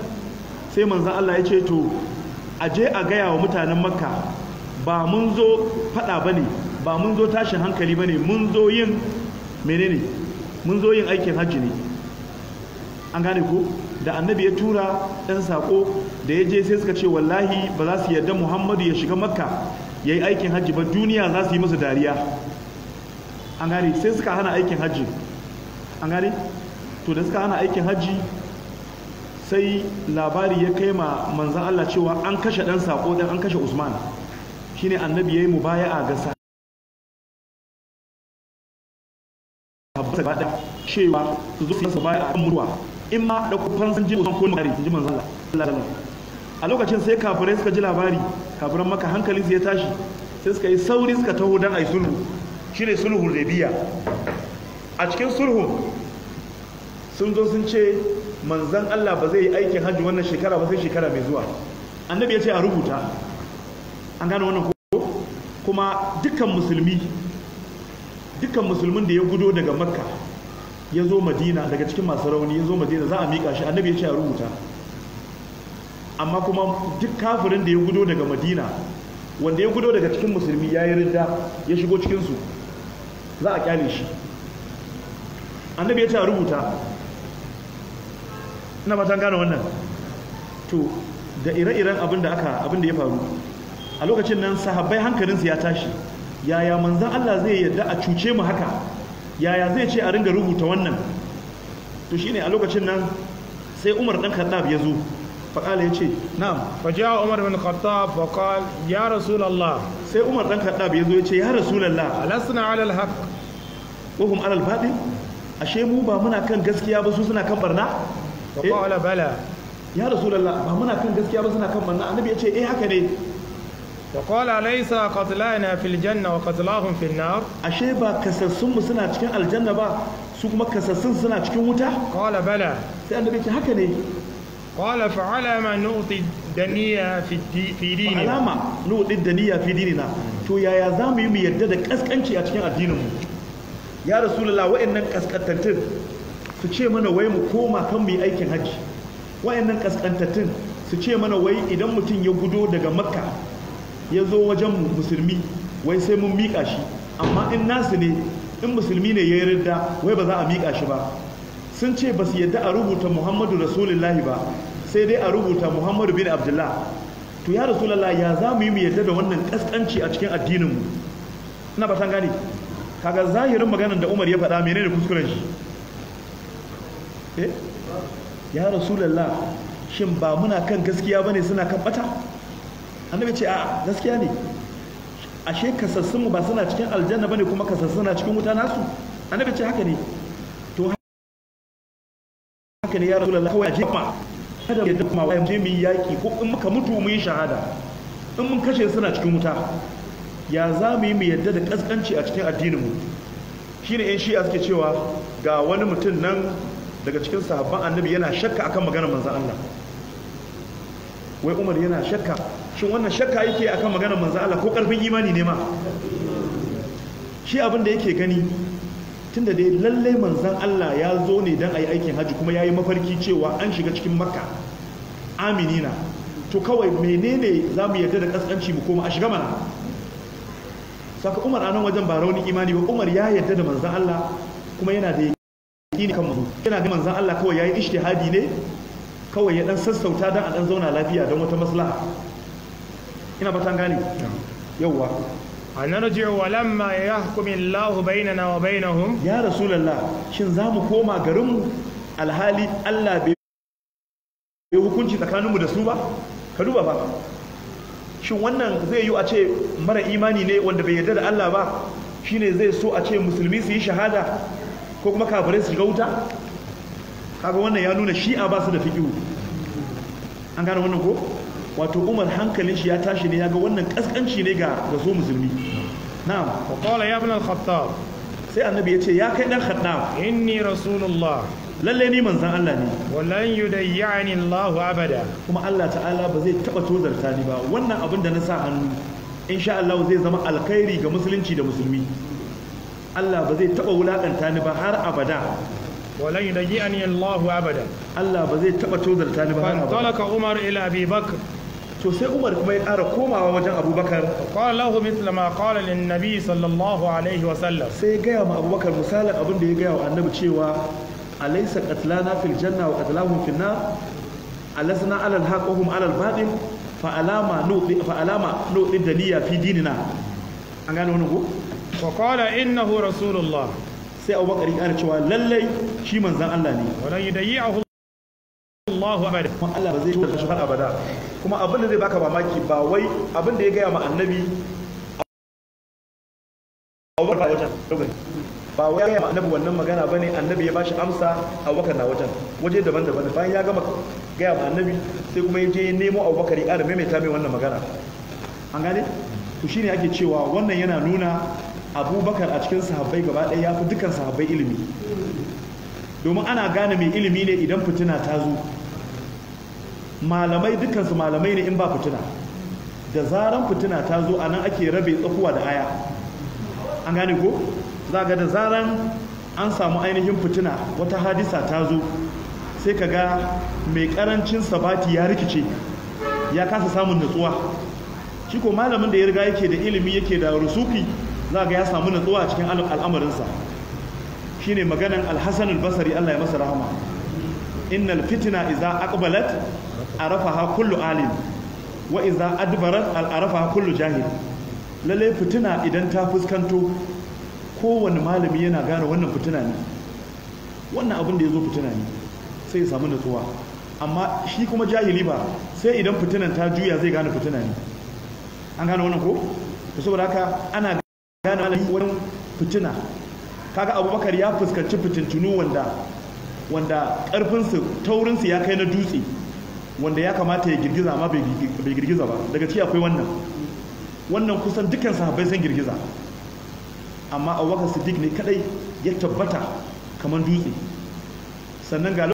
sai manzan Allah ya ce to a je a gaya wa mutanen makka ba mun zo fada ba ne ba mun zo tashin hankali ba ne mun zo yin menene mun zo yin aikin hajji ne an gane ko da annabi ya tura ɗan saƙo da ya je sai suka ce wallahi ba za su yarda muhammadu ya shiga makka ya yi aikin hajji ba duniya za su yi masa dariya an gane sai suka hana aikin hajji an gane to da suka hana aikin hajji sai labari ya kai ma manzan Allah cewa an kashe ɗan sako dan an kashe Usman shine annabi ya yi ga sahabbai cewa su zo su baya a mutuwa in ma da kufan sun ji ko mari ji manzan Allah a lokacin sai kafirai suka ji labari kafiran maka hankali su ya tashi sai suka yi sauri suka taho dan yi sulhu shine sulhu rabiya a cikin sulhu sun zo sun ce manzan Allah ba zai yi aikin hajji wannan shekara ba sai shekara mai zuwa annabi ya ce a rubuta an gane wannan ko kuma dukkan musulmi dukkan musulmin da ya gudo daga makka ya zo madina daga cikin masu rauni ya zo madina za a miƙa shi annabi ya ce a rubuta amma kuma duk kafirin da ya gudo daga madina wanda ya gudo daga cikin musulmi ya yi ridda ya shigo cikinsu za a kyale shi annabi ya ce a rubuta ina ba ta gane wannan to da ire-iren abin da aka abin da ya faru a lokacin nan sahabbai hankalinsu ya tashi yaya manzan Allah zai yadda a cuce mu haka yaya zai ce a ringa rubuta wannan to shine a lokacin nan sai Umar dan Khattab ya zo faƙala ya ce na'am fajiya Umar bin Khattab faqal ya rasulullah sai Umar dan Khattab ya zo ya ce ya rasulullah alasna ala alhaq wa hum ala albatil ashe mu ba muna kan gaskiya ba su suna kan barna fa qala bala ya rasulullah ba muna kan gaskiya ba suna kan manna annabi ya ce eh haka ne fa qala laysa qatlana fil janna wa qatlahum fil nar ashe ba kasassun mu suna cikin aljanna ba su kuma kasassun suna cikin wuta qala bala sai annabi ya ce haka ne قال فعلى ما نعطي الدنيا في في ديننا alama ما نعطي الدنيا في ديننا to yaya za mu yi mu yadda da kaskanci a cikin addininmu ya rasu lalla wa'annan kaskantattun su ce mana wai mu koma kan mu yi aikin hajji wayannan kaskantattun su ce mana wai idan mutum ya gudo daga makka ya zo wajen musulmi wai sai mun miƙa shi amma in nasu ne in musulmi ne ya yi ridda wai ba za a miƙa shi ba sun ce ba su yadda a rubuta muhammadu rasulullahi ba sai dai a rubuta muhammadu bin abdullah to ya rasulullahi ya za mu yi mu yadda da wannan kaskanci a cikin addinin mu ina ba gane kaga zahirin maganar da umar ya faɗa menene kuskuren shi Eh? ya rasulallah shin ba muna kan gaskiya ba ne suna kan bata annabi ce a gaskiya ne ashe kasassun ba suna cikin aljanna ba ne kuma kasassun na cikin wuta nasu annabi ce haka ne to haka ne ya rasulallah kawai aje ma kada ya dafa wa je mu yaki ko in muka mutu mu yi shahada in mun kashe suna cikin wuta ya za mu yi mu yadda da kaskanci a cikin addinin mu shine in shi'a suke cewa ga wani mutum nan daga cikin sahabban annabi yana shakka akan maganar manzan Allah wai umar yana shakka shin wannan shakka yake akan maganar manzan Allah ko karfin imani ne ma shi abin da yake gani tunda dai lalle manzan Allah ya zo ne don a yi aikin haji kuma ya yi mafarki cewa an shiga cikin makka aminina to kawai menene za mu yarda da kaskanci mu koma a shiga mana saka umar anan wajen ba raunin imani ba umar ya yarda da manzan Allah kuma yana da ne kan mazu yana ga manzon Allah kawai yayi ishtihadi ne kawai ya dan sassauta dan a dan zauna lafiya dan wata maslaha ina batan gane yawwa an wa lamma yahkum Allah bainana wa bainahum ya rasulullah shin za mu koma garin mu alhali Allah bai hukunci tsakaninmu da su ba ka duba ba shin wannan zai yi a ce mara imani ne wanda bai yarda da Allah ba shine zai so a ce musulmi su yi shahada ko kuma kafirai su shiga wuta kaga wannan ya nuna shi'a ba su da fiƙihu an gane wannan ko wato umar hankalin shi ya tashi ne ya ga wannan kaskanci ne ga ga musulmi na'am wa ya ibn al-khattab sai annabi ya ce ya kai dan khattab inni rasulullah lalle ni manzan Allah ne wallan yudayyani Allah abada kuma Allah ta'ala ba zai taba tozarta ni ba wannan abin da na sa hannu insha Allah zai zama alkhairi ga musulunci da musulmi Allah ba zai taɓa wulaƙanta ni ba har abada walan yudayyi'ani yallahu, abada Allah ba zai taɓa tozarta ni ba har abada talaka Umar ila Abi Bakr to sai Umar kuma ya ƙara komawa wajen Abubakar. Bakar qala lahu mithla ma qala lin nabi sallallahu alaihi wa sallam sai gaya ma Abubakar, Bakar misalin abin da ya gaya wa annabi cewa alaysa qatlana fil janna wa qatlahum fil nar alasna ala al ala al fa alama nuqi fa alama nuqi fi dinina an gane wannan ko wa qala innahu rasulullah sai abubakar ya ƙara cewa lallai shi manzan Allah ne walan yudayyi'ahu Allahu abada kuma Allah ba zai cuta shi har abada kuma abin zai baka mamaki ba wai abin da ya gaya ma annabi ba wai ya gaya ma annabi wannan magana bane annabi ya bashi amsa abubakar na wajen waje daban-daban bayan ya gama gaya ma annabi sai kuma ya je ya nemo abubakar ya ƙara maimaita mai wannan magana an gane to shine ake cewa wannan yana nuna abubakar a cikin sahabbai gaba ɗaya ya fi dukkan sahabbai ilimi domin ana gane mai ilimi ne idan fitina ta zo malamai dukansu malamai ne in ba fitina da zaran fitina ta zo a nan ake rabe tsakuwa da aya an gane ko za ga da zaran an samu ainihin fitina wata hadisa ta zo sai ka ga mai karancin sabati ya rikice ya kasa samun natsuwa shi ko malamin da ya riga yake da ilimi yake da rusufi za ga ya samu natsuwa a cikin al'amarinsa ne maganan alhassan albasari allah ya masa rahama innal fitina iza aqbalat arafaha kullu alim wa iza adbarat al'arafaha kullu jahil lalle fitina idan ta fuskanto kowane malami yana gane wannan fitina ne wannan abin da ya zo fitina ne sai ya samu natsuwa amma shi kuma jahili ba sai idan fitinan ta juya zai gane fitina ne an gane wannan ko da saboda haka ana gane nan wani fitina kaga abubakar ya fuskanci fitintunu wanda wanda karfinsu taurinsu ya kai na dutse wanda ya kamata ya girgiza amma bai girgiza ba daga ciki akwai wannan wannan kusan dukkan sahabbai sun girgiza amma abubakar siddiq ne kadai ya tabbata kamar dutse sannan ga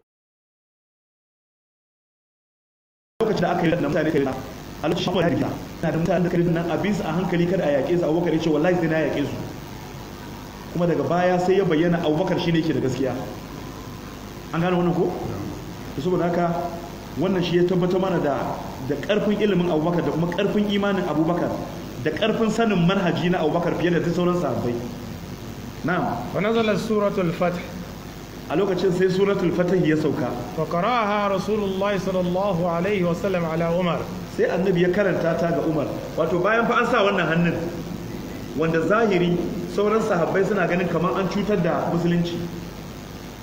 lokacin da aka yi da mutane kai a lokacin da ya girgiza na da mutanen da nan abin su a hankali kada a yaƙe su abubakar ya ce wallahi sai na yaƙe su kuma daga baya sai ya bayyana abubakar ne ke da gaskiya an gane wannan ko da saboda haka wannan shi ya tabbatar mana da da ƙarfin ilimin abubakar da kuma ƙarfin imanin abubakar da ƙarfin sanin manhaji na abubakar fiye da sauran sahabbai na'am wa nazala suratul fath a lokacin sai suratul fatih ya sauka wa qara'aha rasulullahi sallallahu alaihi wa sallam ala umar sai annabi ya karanta ta ga umar wato bayan fa an sa wannan hannun wanda zahiri sauran sahabbai suna ganin kamar an cutar da musulunci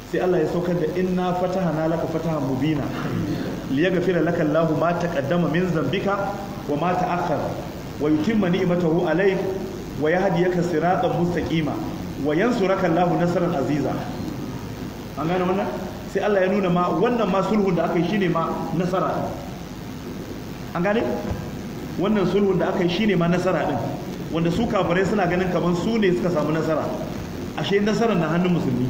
sai Allah ya saukar da inna fatahana laka fatahan mubina liyaghfira laka Allahu ma taqaddama min zambika wa ma ta'akhkhara wa yutimma ni'matahu alayk wa yahdiyaka siratan mustaqima wa yansuraka lahu nasran aziza an gane wannan sai Allah ya nuna ma wannan ma sulhun da aka yi shine ma nasara an gane wannan sulhun da aka yi shine ma nasara din wanda su kafirai suna ganin kaman su ne suka samu nasara ashe nasarar na hannun musulmi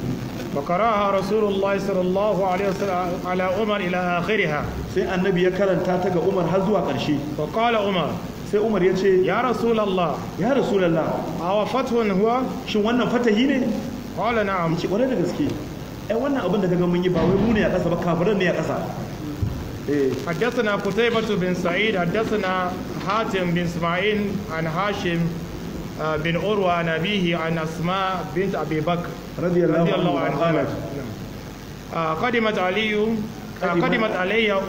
وقراها rasulullahi sallallahu alaihi wasallam ala umar ila عمر Sai Annabi ya karanta ta ga Umar har zuwa karshe وقال Umar sai Umar ya ce ya rasulullah ya rasulullah awa fatwan huwa shin wannan fatahi ne qala na'am ce kware da gaske E wannan abin da ka gama ba wai bude a ƙasa ba ka bar ni a ƙasa. Haddasa na bin Said, haddasa na Hatim bin Suma'il and Hashim bin Urwa na bihi a Nasma binta Abibak. Rabi ya nama wa ƙara na biyu. A kadimata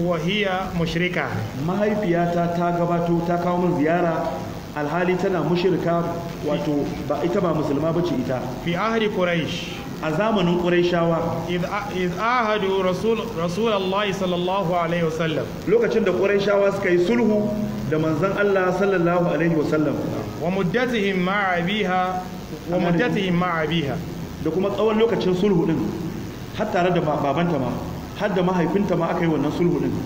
wahiya mushirika. Mahaifiyata ta gabato ta kawo min ziyara alhali tana mushirika, wato ba'aita ba musulma ba ci ita. Fi ahadi ƙurash. a zamanin ƙurayshawa iz ahadu rasulullahi sallallahu alaihi wasallam lokacin da ƙurayshawa suka yi sulhu da manzon Allah sallallahu alaihi wasallam wa muddatihim ma'a biha wa muddatihim ma'a biha da kuma tsawon lokacin sulhu din har tare da babanta ma har da mahaifinta ma aka yi wannan sulhu din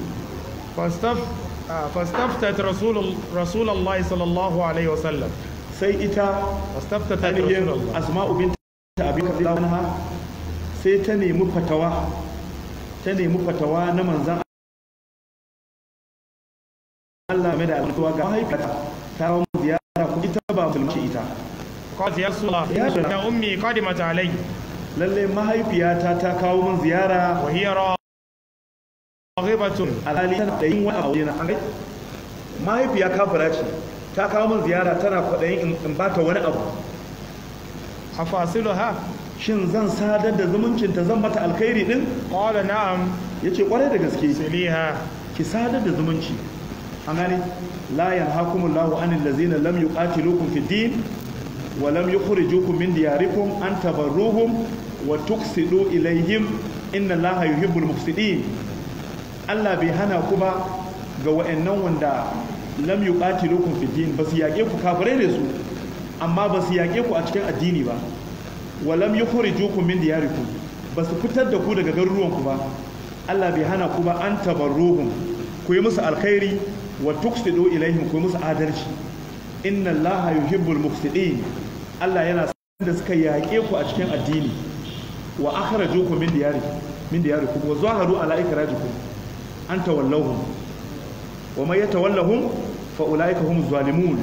fastaftat rasulullahi sallallahu alaihi wasallam sai ita fastaftat rasulullahi asma'u binta abi anha sai ta nemi fatawa ta nemi fatawa na manzan Allah mai da alƙawa ga haifata ta wa ziyara ku ita ba musulunci ita ko ziyar sula ya ummi qadimat alai lalle mahaifiyata ta kawo min ziyara wa hiya raghibatun alali tana da yin wa aure na an mahaifiya kafira ce ta kawo min ziyara tana kwaɗayin in bata wani abu hafasilu ha shin zan sadar da ta zan mata alkhairi din qala na'am yace kwarai da gaske saliha ki sadar da zumunci an gane la yanhakumullahu anil ladzina lam yuqatilukum fid din wa lam yukhrijukum min diyarikum an tabarruhum wa tuqsidu ilayhim inna allaha yuhibbul mufsidin Allah bai hana ku ba ga wa'annan wanda lam yuqatilukum fid din basu yaƙe ku kafirai da su amma basu yaƙe ku a cikin addini ba walam yukhrijukum min diyarikum basu fitar da ku daga garuruwanku ba Allah bai hana ku ba an tabarruhum ku yi musu alkhairi wa tuqsidu ilaihim ku yi musu adalci inna Allah yuhibbul muqsidin Allah yana son da suka yaƙe ku a cikin addini wa akhrajukum min diyarikum min diyarikum wa zaharu ala ikrajikum an tawallahum wa man yatawallahum fa ulaika hum zalimun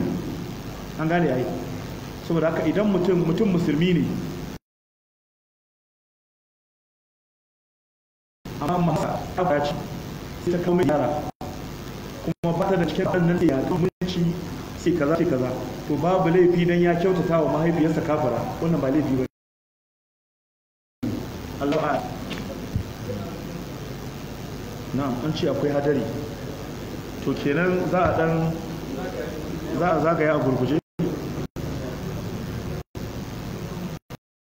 an gane yayi saboda haka idan mutum mutum musulmi ne amma masa ta ce sai ta kawo yara kuma ba ta da cikin waɗannan da yaƙi mulki sai kaza sai kaza to babu laifi dan ya kyautata wa mahaifiyarsa kafara wannan ba laifi ba Allah a na'am an ce akwai hadari to kenan za a dan za a zagaya a gurguje